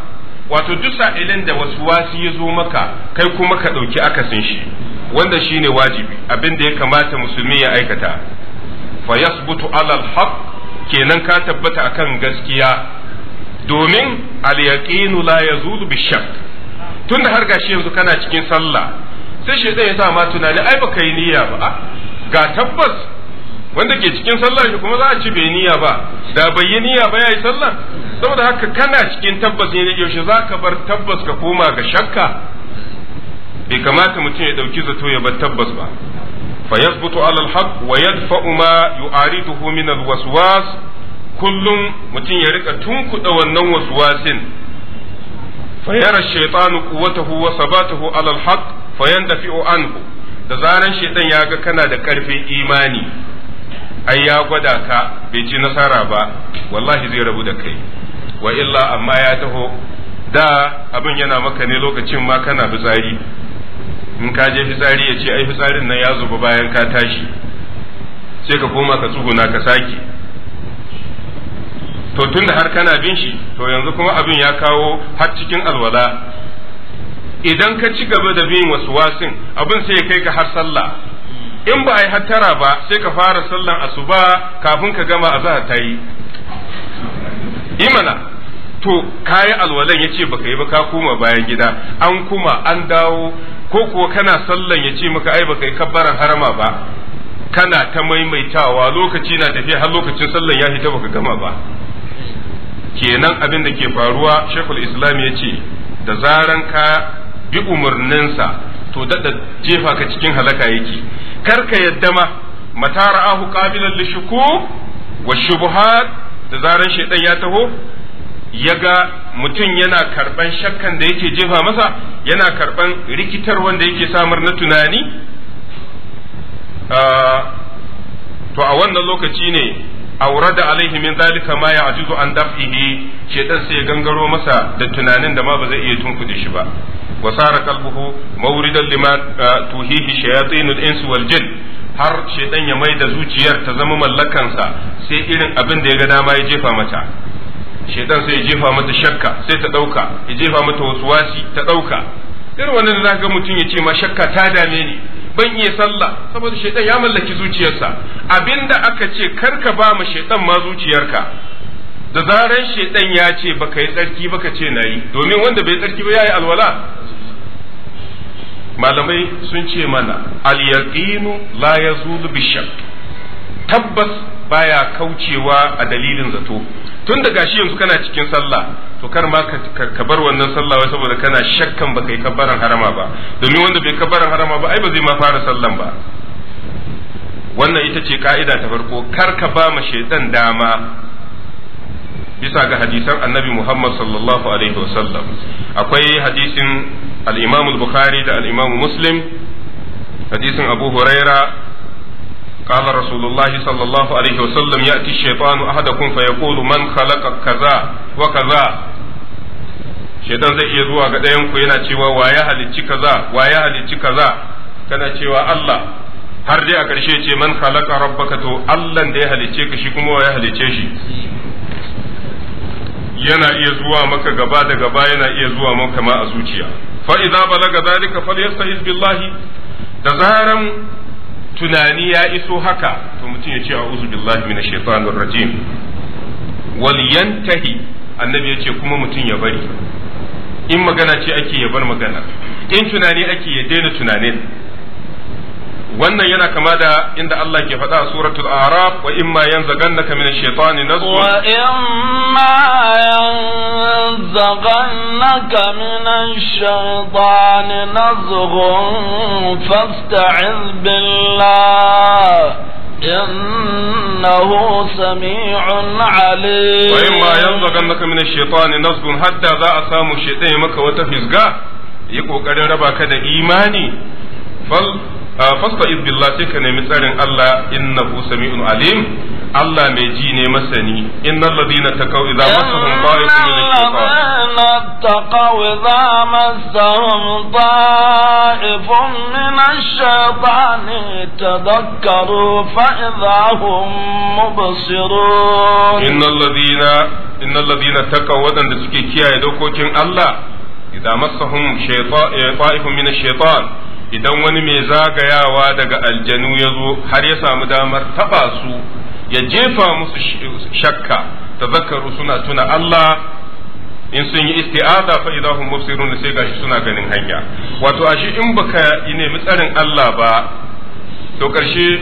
wato duk sa'ilin da wasu wasi ya zo maka kai kuma ka ɗauki akasin shi wanda shine wajibi abin da ya kamata musulmi ya aikata fa yasbutu alal haqq kenan ka tabbata akan gaskiya domin al-yaqinu la yazulu bishak tunda har gashi yanzu kana cikin sallah sai shi ya sa ma tunani ai baka yi niyya ba ah, ga tabbas wanda ke cikin sallah shi kuma za a ci bai niyya ba da bai yi niyya ba yayi sallah saboda haka kana cikin tabbas ne yaushe za ka bar tabbas ka koma ga shakka bai kamata mutum ya dauki zato ya bar tabbas ba fa yasbutu ala al wa yadfa'u ma yu'ariduhu min al kullum mutum ya rika tunkuɗa wannan waswasin fayara shaitanu quwwatahu wa sabatahu alal haqq fayandafi'u anhu da zaran shaitan ya ga kana da karfin imani ai ya gwada ka bai ci nasara ba wallahi zai rabu da kai wa illa amma ya taho da abin yana maka ne lokacin ma kana fitsari in ka je fitsari ya ce ai fitsarin nan ya zuba bayan ka tashi sai ka koma ka tsuguna ka sake to tun da har kana bin shi to yanzu kuma abin ya kawo har cikin alwala idan ka ci gaba da bin wasu wasin abin sai ya kai ka har sallah in ba a yi hattara ba sai ka fara sallan asuba kafin ka gama azhar ta yi imana to kayi alwalan ya ce baka yi ba ka koma bayan gida an kuma an dawo ko kuwa kana sallan ya ce maka ai baka yi kabbaran harama ba kana ta maimaitawa lokaci na tafiya har lokacin sallan ya fita baka gama ba kenan abin da ke faruwa shekul islam ya ce da zaran ka bi umarninsa to daɗa jefa ka cikin halaka yake kar ka yadda ma matara'ahu da shuku wa shubuhar da zaran shaidan ya taho ya ga mutum yana karban shakkan da yake jefa masa yana karban rikitar wanda yake samar na tunani ah, to a wannan lokaci ne aurada alaihi min zalika ma ya'juzu an daf'ihi shedan sai gangaro masa da tunanin da ma ba zai iya tunkuɗe shi ba wa sara qalbuhu mawridan lima tuhihi shayatinul ins wal jin har shedan ya mai da zuciyar ta zama sa sai irin abin da ya ga dama ya jefa mata shedan sai ya jefa mata shakka sai ta dauka ya jefa mata wasu wasi ta dauka irin wannan zaka ga mutum ya ce ma shakka ta dame ni ban iya sallah saboda shaitan ya mallaki zuciyarsa abinda aka ce karka ba ma shaitan ma zuciyarka da zaran shaitan ya ce baka yi tsarki baka ce na yi domin wanda bai tsarki ba yayi alwala malamai sun ce mana al yaqinu la yazulu bi tabbas baya kaucewa a dalilin zato tun da gashi yanzu kana cikin sallah to kar ma ka bar wannan sallah wai saboda kana shakkan baka yi kabbaran harama ba domin wanda bai kabbaran harama ba ai ba zai ma fara sallan ba wannan ita ce ka'ida ta farko kar ka ba ma shaitan dama bisa ga hadisan annabi Muhammad sallallahu alaihi wasallam akwai hadisin al-Imam al-Bukhari da al-Imam Muslim hadisin Abu Huraira قال رسول الله صلى الله عليه وسلم يأتي الشيطان أحدكم فيقول من خلق كذا وكذا shaitan zai iya zuwa ga ɗayan ku yana cewa wa ya halicci kaza wa ya halicci kaza kana cewa Allah har dai a ƙarshe ce man khalaqa rabbaka to Allah da ya halicce ka shi kuma wa ya halicce shi yana iya zuwa maka gaba da gaba yana iya zuwa maka ma a zuciya fa idza balaga zalika falyastahiz billahi da zaran tunani ya iso haka to mutum ya ce a'udhu billahi minash shaitanir rajim wal yantahi annabi ya ce kuma mutum ya bari in magana ce ake ya bar magana in tunani ake ya daina tunani wannan yana kama da inda Allah ke faɗa a suratul araf wa imma yanzaghannaka min ash-shaytani nazghun wa imma yanzaghannaka min ash-shaytani nazghun fasta'iz billah إنه سميع عليم وإما ينزغنك من الشيطان نزغ حتى ذا أسام الشيطان مك وتفزقا يقو قد ربك دا إيماني فل Ah, fasta'id billah sai ka nemi tsarin Allah innahu sami'un alim Allah mai ji ne masani innal ladina taqaw idza massahum ta'ifun min ash-shaytan taqaw idza massahum ta'ifun min ash-shaytan tadhakkaru fa idza hum mubsirun innal ladina innal ladina taqaw wadanda suke kiyaye dokokin Allah idza massahum eh, shaytan idan wani mai zagayawa daga aljanu ya zo har ya samu damar taba su ya jefa musu shakka zakaru suna tuna Allah in sun yi isti'aza fa idahum mubsirun sai gashi suna ganin hanya wato ashe in baka nemi tsarin Allah ba to karshe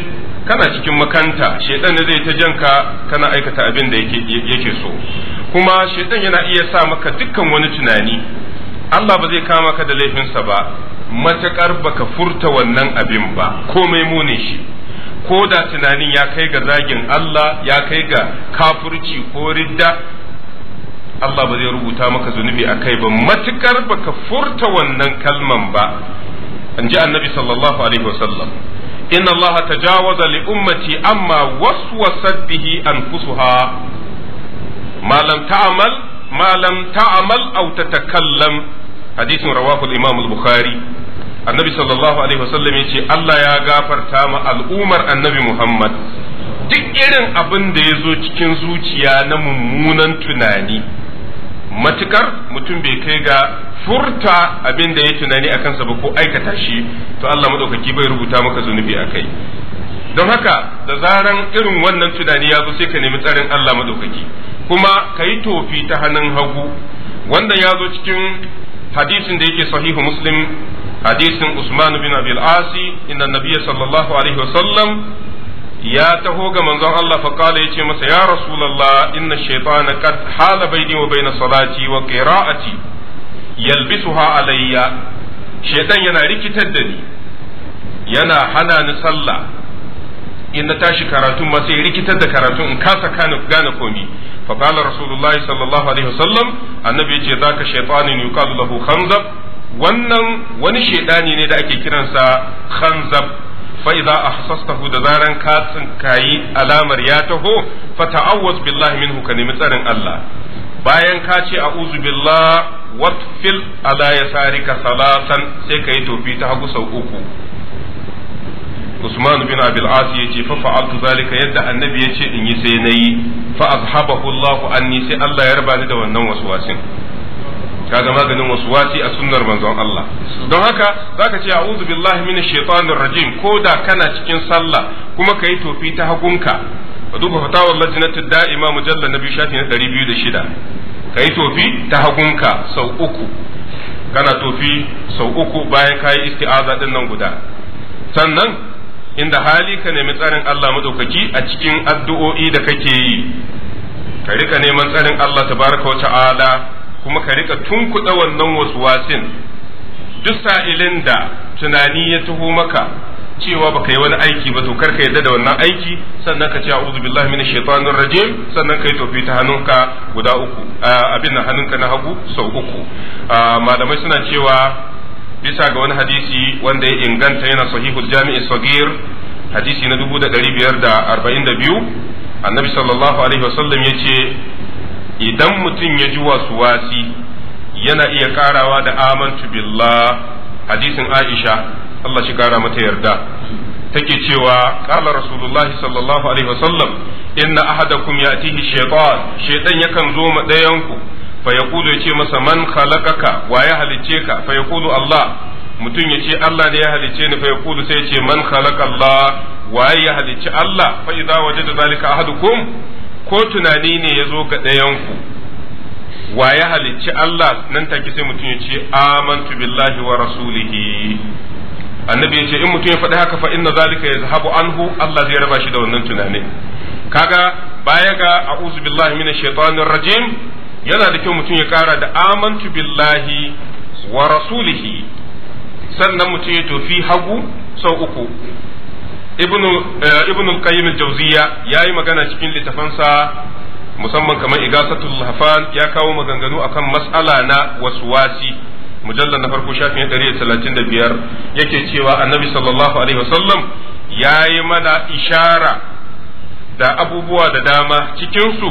kana cikin makanta shedan ne zai ta janka kana aikata abin da yake so kuma shedan yana iya sa maka dukkan wani tunani Allah ba zai kama ka da laifinsa ba matuƙar baka furta wannan abin ba komai muni shi ko da tunanin ya kai ga zagin Allah ya kai ga kafurci ko ridda Allah ba zai rubuta maka zunubi a kai ba matukar baka furta wannan kalman ba an ji annabi sallallahu alaihi wasallam inna Allah tajawaza li ummati amma waswasat bihi anfusuha ma lam ta'mal ma lam ta'mal aw tatakallam hadisin rawahu al-imam al-bukhari annabi sallallahu alaihi wasallam yace Allah ya gafarta ma al'ummar annabi Muhammad duk irin abin da ya zo cikin zuciya na mummunan tunani matukar mutum bai kai ga furta abin da ya tunani a kansa ba ko aikata shi to Allah madaukaki bai rubuta maka zunubi a kai don haka da zaran irin wannan tunani ya zo sai ka nemi tsarin Allah madaukaki kuma ka yi tofi ta hannun hagu wanda ya zo cikin hadisin da yake sahihu muslim hadisin usman bin abil asi inna nabiyya sallallahu alaihi wasallam ya taho ga manzon Allah fa ya ce masa ya rasulullah inna shaytana qad hala baini wa baina salati wa qira'ati yalbisuha alayya shaytan yana rikitar da ni yana hana ni sallah in na tashi karatun ma sai rikitar da karatun in kasa kana gane komi fa qala rasulullahi sallallahu alaihi wasallam annabi yace zaka shaytanin yuqalu lahu khanzab wannan wani shedani ne da ake kiransa khanzab fa idza ahsastahu da zaran ka tsinkayi alamar ya taho fa ta'awwaz billahi minhu ka nemi tsarin Allah bayan ka ce a'udhu billah watfil ala yasarika salasan sai ka yi tofi ta hagu sau uku usman bin abil as yace fa fa'altu zalika yadda annabi yace in yi sai nayi fa azhabahu allah anni sai allah ya raba ni da wannan waswasin kaga maganin waswasi a sunnar manzon Allah don haka zaka ce a'udhu billahi minash shaitanir rajim ko da kana cikin sallah kuma kai tofi ta hagunka duba fatawar lajnatid da'ima mujallal na biyu shafi na 206 kai tofi ta hagunka sau uku kana tofi sau uku bayan kayi isti'aza din nan guda sannan inda hali ka nemi tsarin Allah madaukaki a cikin addu'o'i da kake yi ka rika neman tsarin Allah tabaraka wa ta'ala kuma ka rika tunkuɗa wannan waswasin duk sa'ilin da tunani ya taho maka cewa ba ka yi wani aiki ba to karka yadda da wannan aiki sannan ka ce uzu billahi mini shaitanin rajim sannan ka yi tofi ta hannunka guda uku abin na hannunka na hagu sau uku malamai suna cewa bisa ga wani hadisi wanda ya inganta yana sahihu jami'i sagir hadisi na biyu annabi sallallahu alaihi wasallam ya ce idan mutum ya ji wasu wasi yana iya karawa da amantu billah hadisin aisha Allah shi kara mata yarda take cewa qala rasulullah sallallahu alaihi wasallam inna ahadakum ya'tihi shaytan shaytan yakan zo ma dayan ku fa yaqulu yace masa man khalaqaka wa ya halice ka fa yaqulu Allah mutum yace Allah ne ya halice ni fa yaqulu sai ce man khalaqa Allah wa ya halice Allah fa idza wajada zalika ahadukum ko tunani ne yazo ga ɗayan ku wa ya halicci Allah nan take sai mutum ya ce amantu billahi wa rasulihi annabi ya ce in mutum ya faɗi haka fa inna zalika yazhabu anhu Allah zai raba shi da wannan tunanin kaga baya ga a'udhu billahi minash shaitanir rajim yana da kyau mutum ya kara da amantu billahi wa rasulihi sannan mutum ya tofi hagu sau uku ibn eh, al-qayyim al-jawziya yayi magana cikin littafansa musamman kamar igasatul hafan ya kawo maganganu akan mas'ala na waswasi mujallar na farko shafin 135 yake cewa annabi sallallahu alaihi wasallam yayi mana ishara da abubuwa da dama cikin su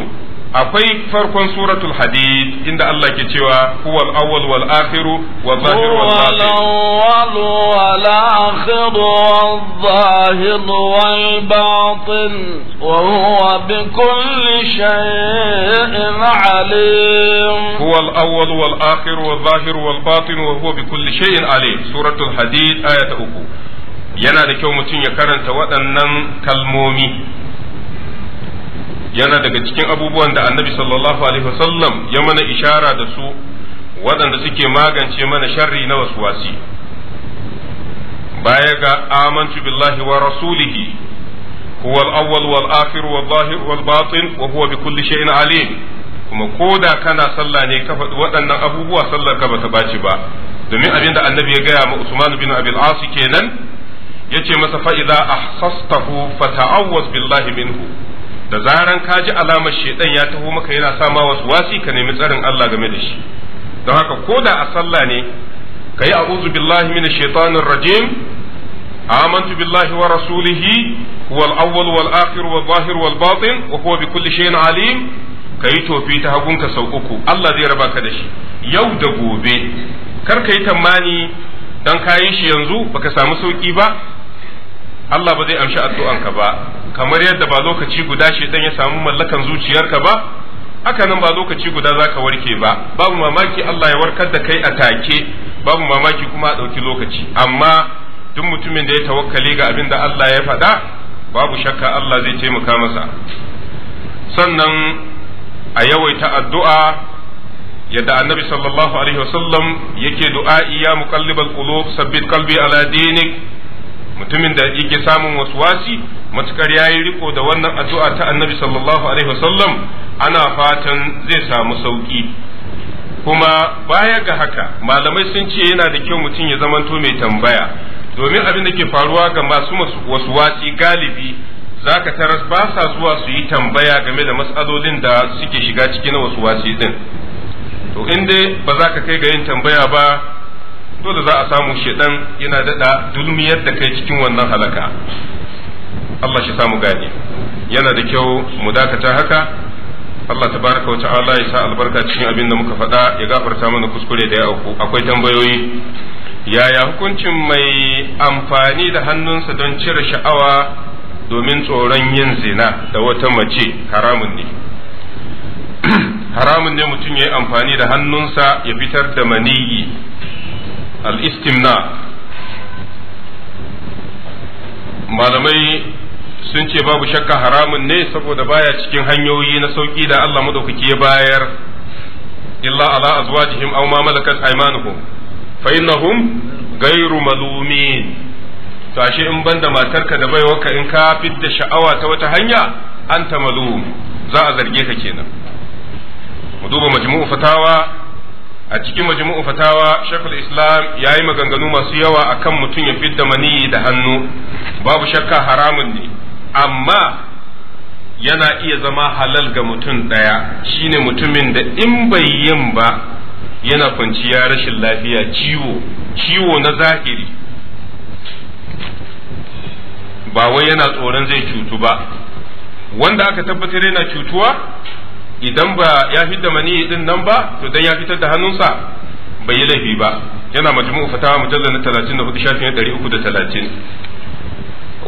akwai farkon suratul hadid inda Allah ke cewa huwal awwal wal akhir wa zahir wal batin awwal wal akhir wal zahir wal batin wa huwa bi kulli shay'in alim huwal awwal wal akhir wal zahir wal batin wa huwa bi kulli shay'in alim suratul hadid ayata uku yana da kyau mutum ya karanta waɗannan kalmomi yana daga cikin abubuwan da annabi sallallahu alaihi wasallam ya mana ishara da su waɗanda suke magance mana sharri na waswasi baya ga amantu billahi wa rasulihi huwa al-awwal wal akhir wal zahir wal batin wa huwa bi kulli shay'in alim kuma kana sallah ne ka faɗi waɗannan abubuwa sallar ka bata baci ba domin abin da annabi ya gaya ma Usman bin Abil As kenan yace masa fa idza ahsastahu fata'awwaz billahi minhu da zaran ka ji alamar shedan ya taho maka yana sama wasu wasi ka nemi tsarin Allah game da shi don haka ko da a sallah ne ka yi a'udhu billahi minash shaitanir rajim amantu billahi wa rasulihi huwal awwal wal akhir wal zahir wal batin wa huwa bi kulli shay'in alim ka yi tofi ta hagunka sau uku Allah zai raba ka da shi yau da gobe kar ka yi tamani dan yi shi yanzu baka samu sauki ba Allah ba zai amshi addu'anka ba kamar yadda ba lokaci guda shedan ya samu mallakan zuciyarka ba haka nan ba lokaci guda za ka warke ba babu mamaki Allah ya warkar da kai a take babu mamaki kuma a ɗauki lokaci amma duk mutumin da ya tawakkale ga abin da Allah ya faɗa babu shakka Allah zai taimaka masa sannan a yawaita addu'a yadda annabi sallallahu alaihi wasallam yake du'a iya muqallibal qulub sabbit qalbi ala dinik mutumin da yake samun waswasi matukar yayi riko da wannan addu'a ta annabi sallallahu alaihi wasallam ana fatan zai samu sauki kuma baya ga haka malamai sun ce yana da kyau mutum ya zamanto mai tambaya domin abin da ke faruwa ga masu wasu galibi za ka taras ba sa zuwa su yi tambaya game da matsalolin da suke shiga cikin wasu wasi din to in dai ba za ka kai ga yin tambaya ba dole za a samu shedan yana daɗa dulmiyar da kai cikin wannan halaka Allah shi samu gane yana da kyau mu dakata haka Allah tabaraka wa ta'ala ya sa albarka cikin abin da muka faɗa ya gafarta mana kuskure da ya auku akwai tambayoyi yaya hukuncin mai amfani da hannunsa don cire sha'awa domin tsoron yin zina da wata mace haramun ne [clears throat] haramun ne mutum ya yi amfani da hannunsa ya fitar da maniyi al-istimna malamai sun ce babu shakka haramun ne saboda baya cikin hanyoyi na sauki da Allah madaukaki ya bayar illa ala azwajihim aw ma malakat aymanuhum fa innahum ghayru malumin to in banda matarka da baiwarka in ka fidda sha'awa ta wata hanya anta malum za a zarge ka kenan mu duba majmu'u fatawa a cikin majmu'u fatawa shekul islam ya yi maganganu masu yawa akan mutum ya fidda maniyi da hannu babu shakka haramun ne amma yana iya zama halal ga mutum ɗaya shine mutumin da in bai yin ba yana kwanciya rashin lafiya ciwo ciwo na zahiri ba wai yana tsoron zai cutu ba wanda aka tabbatar yana cutuwa idan ba ya fitar da mani din nan ba to dan ya fitar da hannunsa bai yi laifi ba yana majmu'u fatawa mujallal na 34 shafin 330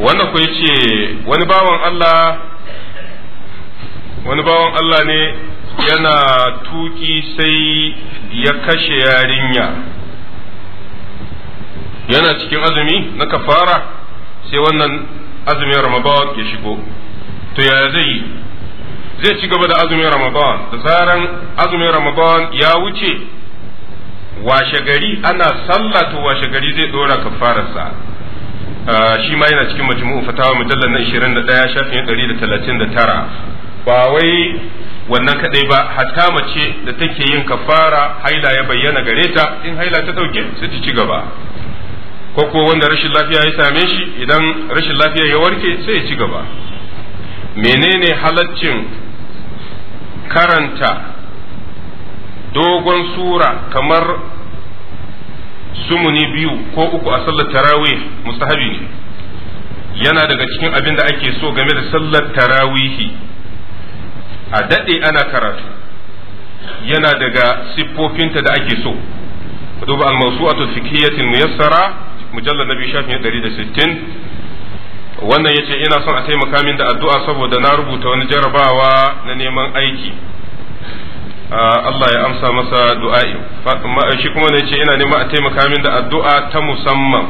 wannan ko yace wani bawan Allah wani bawan Allah ne yana tuki sai ya kashe yarinya yana cikin azumi na kafara sai wannan azumin ramadan ya shigo to ya zai yi zai ci gaba da azumin ramadan da zaran azumin ramadan ya wuce washe gari ana sallatu washe gari zai dora kafararsa ah, shi ma yana cikin majmu'u fatawa mujallal na 21 shafin 139 ba wai wannan kadai ba hatta mace da take yin kafara haila ya bayyana gare ta in haila ta dauke sai ta ci gaba ko ko wanda rashin lafiya ya same shi idan rashin lafiya ya warke sai ya ci gaba menene halaccin karanta dogon sura kamar sumuni biyu ko uku a sallar tarawih mustahabi ne yana daga cikin abin da ake so game da sallar tarawihi a daɗe ana karatu yana daga siffofinta da ake so duba al mawsuatu fiqhiyyatil muyassara mujallad nabi shafin 160 wannan yace ina son a taimaka min da addu'a saboda na rubuta wani jarabawa na neman aiki Allah ya amsa masa du'a'i shi kuma ne ce ina neman a taimaka min da addu'a ta musamman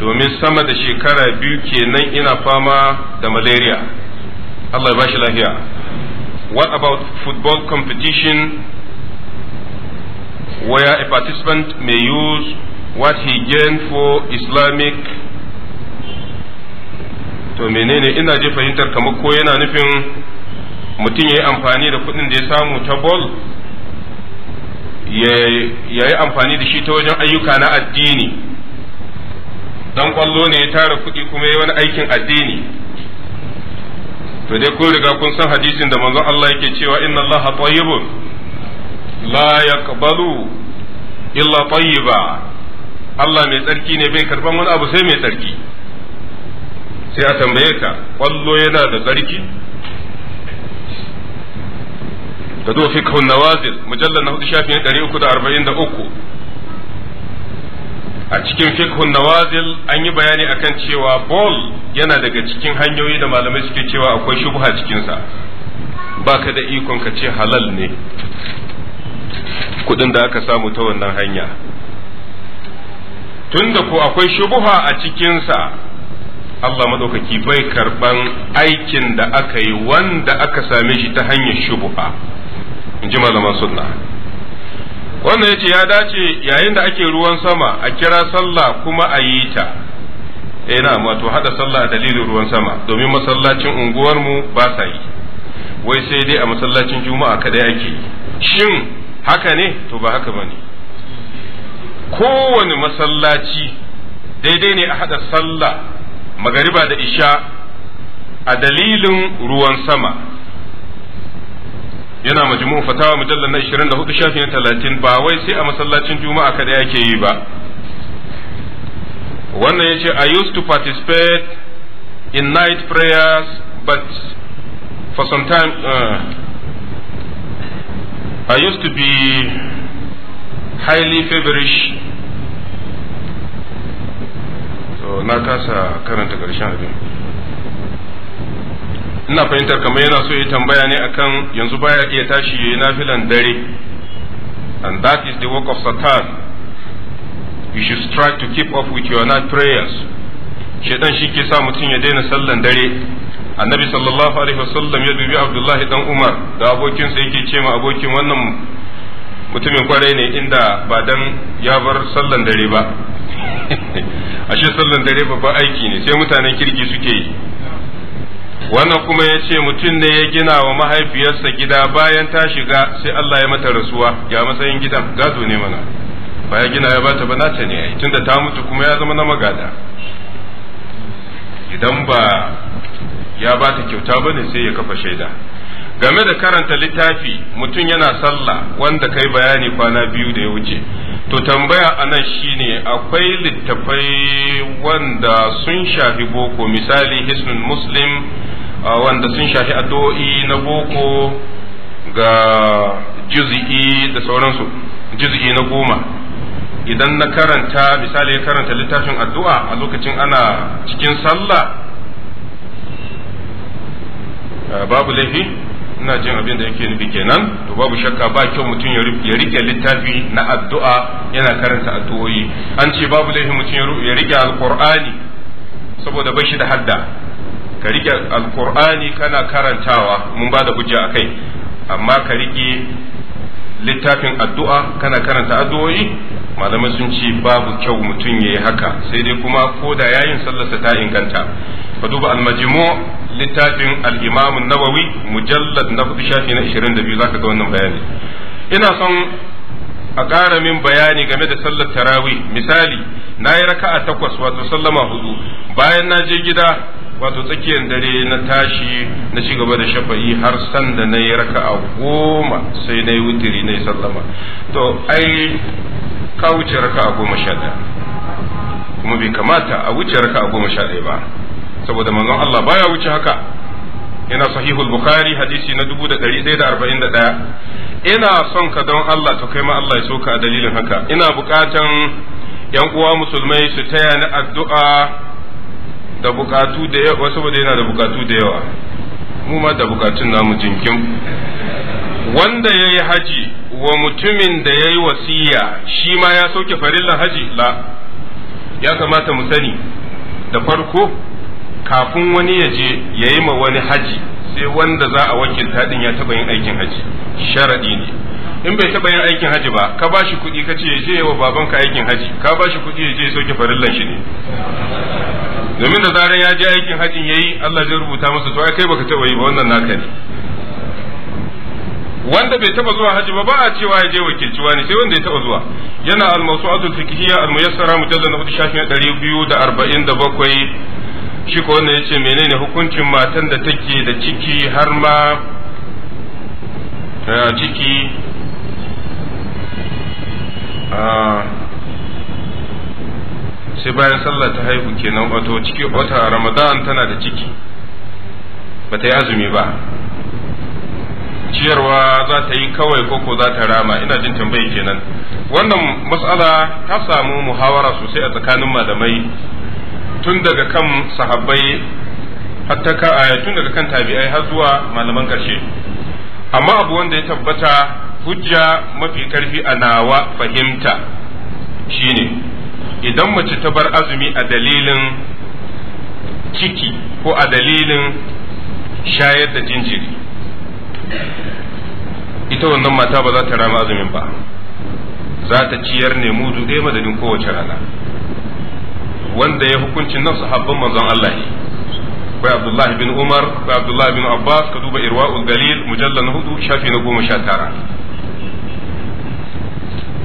domin sama da shekara biyu kenan ina fama da malaria Allah ya bashi lafiya what about football competition where a participant may use what he gained for Islamic to menene ina ji fahimtar kamar ko yana nufin mutum ya yi amfani da kuɗin da ya samu ta bol ya yi amfani da shi ta wajen ayyuka na addini don kwallo ne ya tara kuɗi kuma ya wani aikin addini to dai kun riga kun san hadisin da manzon Allah yake cewa inna Allah tayyibun la yaqbalu illa tayyiba Allah mai tsarki ne bai karban wani abu sai mai tsarki sai a tambaye ka kwallo yana da tsarki ka zo fi kawun nawazil mujallar na hudu shafi na ɗari uku da arba'in da uku a cikin fikhun nawazil an yi bayani akan cewa bol yana daga cikin hanyoyi da malamai suke cewa akwai shubha cikinsa baka da ikon ka ce halal ne kudin da aka samu ta wannan hanya tunda ko akwai shubha a cikinsa Allah maɗaukaki bai karɓan aikin da aka yi wanda aka same shi ta hanyar shubuha in ji malaman sunna wannan yace ya dace yayin da ake ruwan sama a kira sallah kuma a yi ta eh na wato hada sallah a dalilin ruwan sama domin masallacin unguwarmu mu ba sa yi wai sai dai a masallacin juma'a kadai ake yi shin haka ne to ba haka bane kowane masallaci daidai ne a haɗa sallah magariba da isha a dalilin ruwan sama yana majmu'u fatawa mujallal na 24 shafi na 30 ba wai sai a masallacin juma'a kada yake yi ba wannan yace i used to participate in night prayers but for some time uh, i used to be highly feverish na kasa karanta ƙarshen abin ina fahimtar kamar yana so ya tambaya ne akan yanzu baya iya tashi yayi nafilan dare and that is the work of satan you should strive to keep up with your night prayers shedan shi ke sa mutum ya daina sallan dare annabi sallallahu alaihi wasallam ya dubi abdullahi dan umar da abokinsa yake ce ma abokin wannan mutumin kwarai ne inda ba dan ya bar sallan dare ba [laughs] ashe sallan dare babban aiki ne sai mutanen kirki suke yi wannan kuma ya ce mutum ne ya gina wa mahaifiyarsa gida bayan ta shiga sai Allah ya mata rasuwa ya matsayin gidan gado ne mana ba ya gina ya bata bana ta ne tun da ta mutu kuma ya zama na magada idan ba ya bata kyauta ba ne sai ya kafa shaida game da karanta littafi mutum yana sallah wanda kai bayani kwana biyu da ya wuce to tambaya a anan shine akwai littafai wanda sun shafi boko misali hisnun muslim wanda sun shafi addu'o'i na boko ga juz'i da sauransu juzi'i na goma idan na karanta misali ya karanta littafin addu'a a lokacin ana cikin sallah babu laifi ina jin abin da yake nufi kenan to babu shakka ba kyau mutum ya rike littafi na addu'a yana karanta addu'o'i an ce babu laifin mutum ya rike alqur'ani saboda bashi da hadda ka rike alqur'ani kana karantawa mun ba da hujja akai amma ka rike littafin addu'a kana karanta addu'o'i malamai sun ce babu kyau mutum ya yi haka sai dai kuma ko da yayin sallarsa ta inganta ka duba almajimo littafin al'imamun nawawi mujallad na hudu shafi na ishirin da biyu za ka ga wannan bayani ina son a ƙara min bayani game da sallar tarawi misali na yi raka'a takwas wato sallama hudu bayan na je gida wato tsakiyar dare na tashi na ci gaba da shafa'i har san da na yi raka a goma sai na yi wutiri na yi sallama to ai ka wuce raka a goma sha ɗaya kuma bai kamata a wuce raka a goma sha ɗaya ba saboda manzon Allah baya wuce haka ina sahihul bukhari hadisi na dubu da da da arba'in 1141 ina son ka don Allah to kai ma Allah ya soka a dalilin haka ina bukatan yan uwa musulmai su taya ni addu'a da bukatu da yawa saboda yana da bukatu da yawa mu ma da bukatun namu jinkin wanda ya yi haji wa mutumin da ya yi wasiya shi ma ya sauke farillan haji la ya kamata mu sani da farko kafin wani ya je ya yi ma wani haji sai wanda za a wakilta din ya taɓa yin aikin haji sharaɗi ne in bai taɓa yin aikin haji ba ka bashi kuɗi ka ce je wa babanka aikin haji ka bashi kuɗi ya je soke farillan shi ne domin da zarar ya je aikin hajin yayi Allah zai rubuta masa to ai kai baka taɓa yi ba wannan naka ne wanda bai taba zuwa haji ba ba a cewa ya je wakilci wani sai wanda ya taba zuwa yana al-mawsu'atul fiqhiyya al-muyassara mujallad na shafin 247 shi ko wannan yace menene hukuncin matan da take da ciki har ma eh, ciki sai bayan sallah ta haihu kenan wato ciki wata ramadan tana da ciki ba ta yi azumi ba ciyarwa za ta yi kawai koko za ta rama ina jin tambayi kenan wannan matsala ta samu muhawara sosai a tsakanin malamai tun daga kan sahabbai hatta eh, tun daga kan tabi'ai har zuwa malaman karshe amma abu wanda ya tabbata hujja mafi karfi a nawa fahimta shine idan mace ta bar azumi a dalilin ciki ko a dalilin shayar da jinjiri ita wannan mata ba za ta rama azumin ba za ta ciyar ne mudu ɗaya madadin kowace rana wanda ya hukuncin nan sahabban manzon Allah ne akwai abdullahi bin umar akwai abdullahi bin abbas ka duba Irwa galil mujallar na hudu shafi na goma sha tara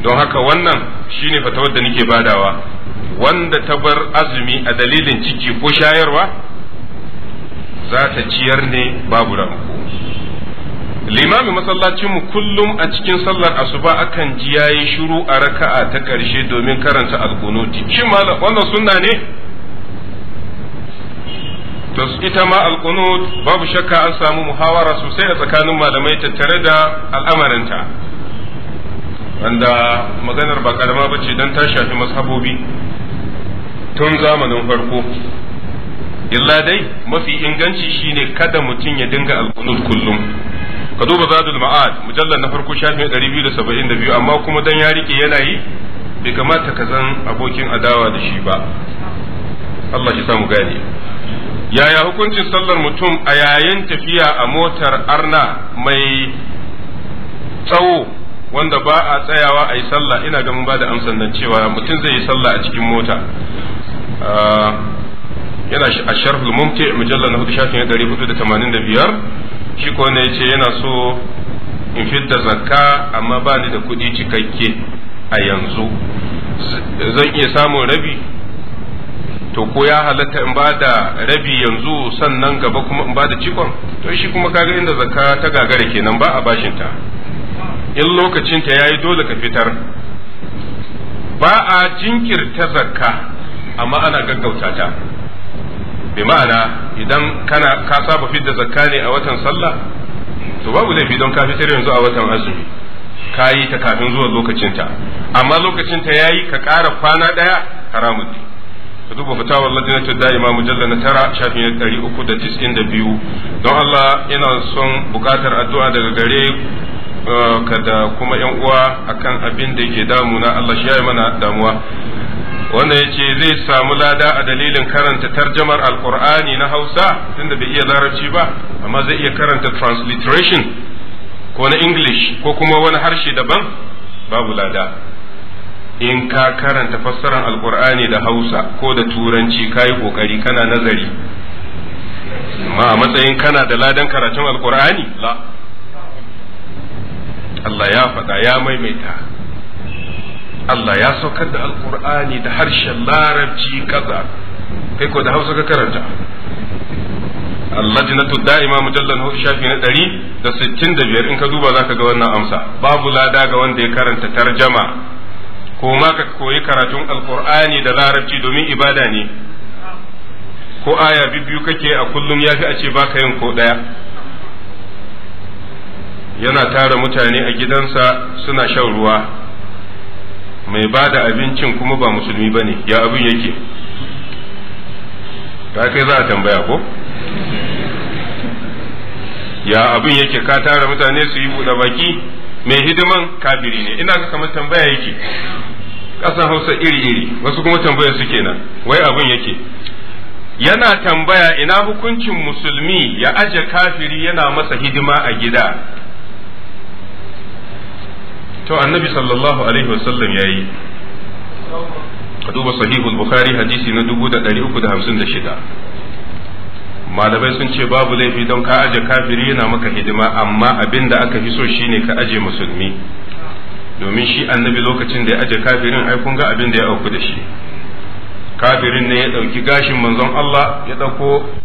don haka wannan shine fatawar da nake badawa wanda ta bar azumi a dalilin ciki ko shayarwa za ta ciyar ne babu ranko limami masallacinmu kullum a cikin sallar asuba akan ji yayi shiru a raka'a ta ƙarshe domin karanta alkunuti shin wannan sunna ne to ita ma alqunut babu shakka an samu muhawara sosai a tsakanin malamai tattare da al'amarinta wanda maganar ba karama bace dan ta shafi mashabobi tun zamanin farko illa dai mafi inganci shine kada mutum ya dinga alqunut kullum ka duba zadul ma'ad mujallar na farko shafin 272 amma kuma dan ya rike yana yi bai kamata ka zan abokin adawa da shi ba Allah shi samu gane yaya hukuncin sallar mutum a yayin tafiya a motar arna mai tsawo wanda ba a tsayawa a yi sallah ina ga mun ba da amsan nan cewa mutum zai yi sallah a cikin mota ah, yana a sharhul mumti mujallar na hudu shafin ya dari hudu da tamanin da biyar shi ko ne ce yana so in fidda zakka amma ba ni da kuɗi cikakke a yanzu zan iya samun rabi to ko ya halatta in ba da rabi yanzu sannan gaba kuma in ba da cikon to shi kuma kaga inda zakka ta gagara kenan ba a bashin ta. in lokacinta ya yi dole ka fitar ba a jinkirta zakka amma ana gaggauta ta bi ma'ana idan kana ka saba da zakka ne a watan sallah to babu laifi don ka fitar yanzu a watan azumi ka yi ta kafin zuwa lokacinta amma lokacinta ya yi ka kara kwana ɗaya haramun ka duba fatawar lajinatu da'ima mujalla na tara shafin ɗari uku da tis'in da biyu don Allah ina son bukatar addu'a daga gare uh, ka da kuma yan uwa akan abin da yake damuna Allah shi ya mana damuwa wanda ya ce zai samu lada a dalilin karanta tarjamar alkur'ani na hausa tunda bai iya larabci ba amma zai iya karanta transliteration ko na english ko kuma wani harshe daban babu lada in ka karanta fassarar alkur'ani da hausa ko da turanci ka yi kokari kana nazari ma a matsayin kana da ladan karatun alkur'ani la Allah ya faɗa ya maimaita Allah ya saukar da alkur'ani da harshen larabci kaza kai ko da hausa ka karanta Allah allajnatu da'ima mujallal hu shafi na ɗari da sittin da biyar in ka duba zaka ga wannan amsa babu lada ga wanda ya karanta tarjama ko ma ka koyi karatun alkur'ani da larabci domin ibada ne ko aya biyu kake a kullum ya fi a ce baka yin ko ɗaya yana tara mutane a gidansa suna shan ruwa mai bada da abincin kuma ba musulmi ba ne ya abin yake ta kai za a tambaya ko ya abin yake ka tara mutane su yi buɗe baki mai hidiman kafiri ne ina ga kamar tambaya yake kasan hausa iri-iri wasu kuma tambaya suke nan wai abin yake yana tambaya ina hukuncin musulmi ya aje kafiri yana masa hidima a gida to annabi sallallahu alaihi wasallam ya yi duba sahihul bukhari hadisi na 356 malamai sun ce babu laifi don ka aje kafiri yana maka hidima amma abin da aka fi so shine ka aje musulmi domin shi annabi lokacin da ya aje kafirin ai kun ga abin da ya auku da shi kafirin ne ya ɗauki gashin manzon Allah ya ɗauko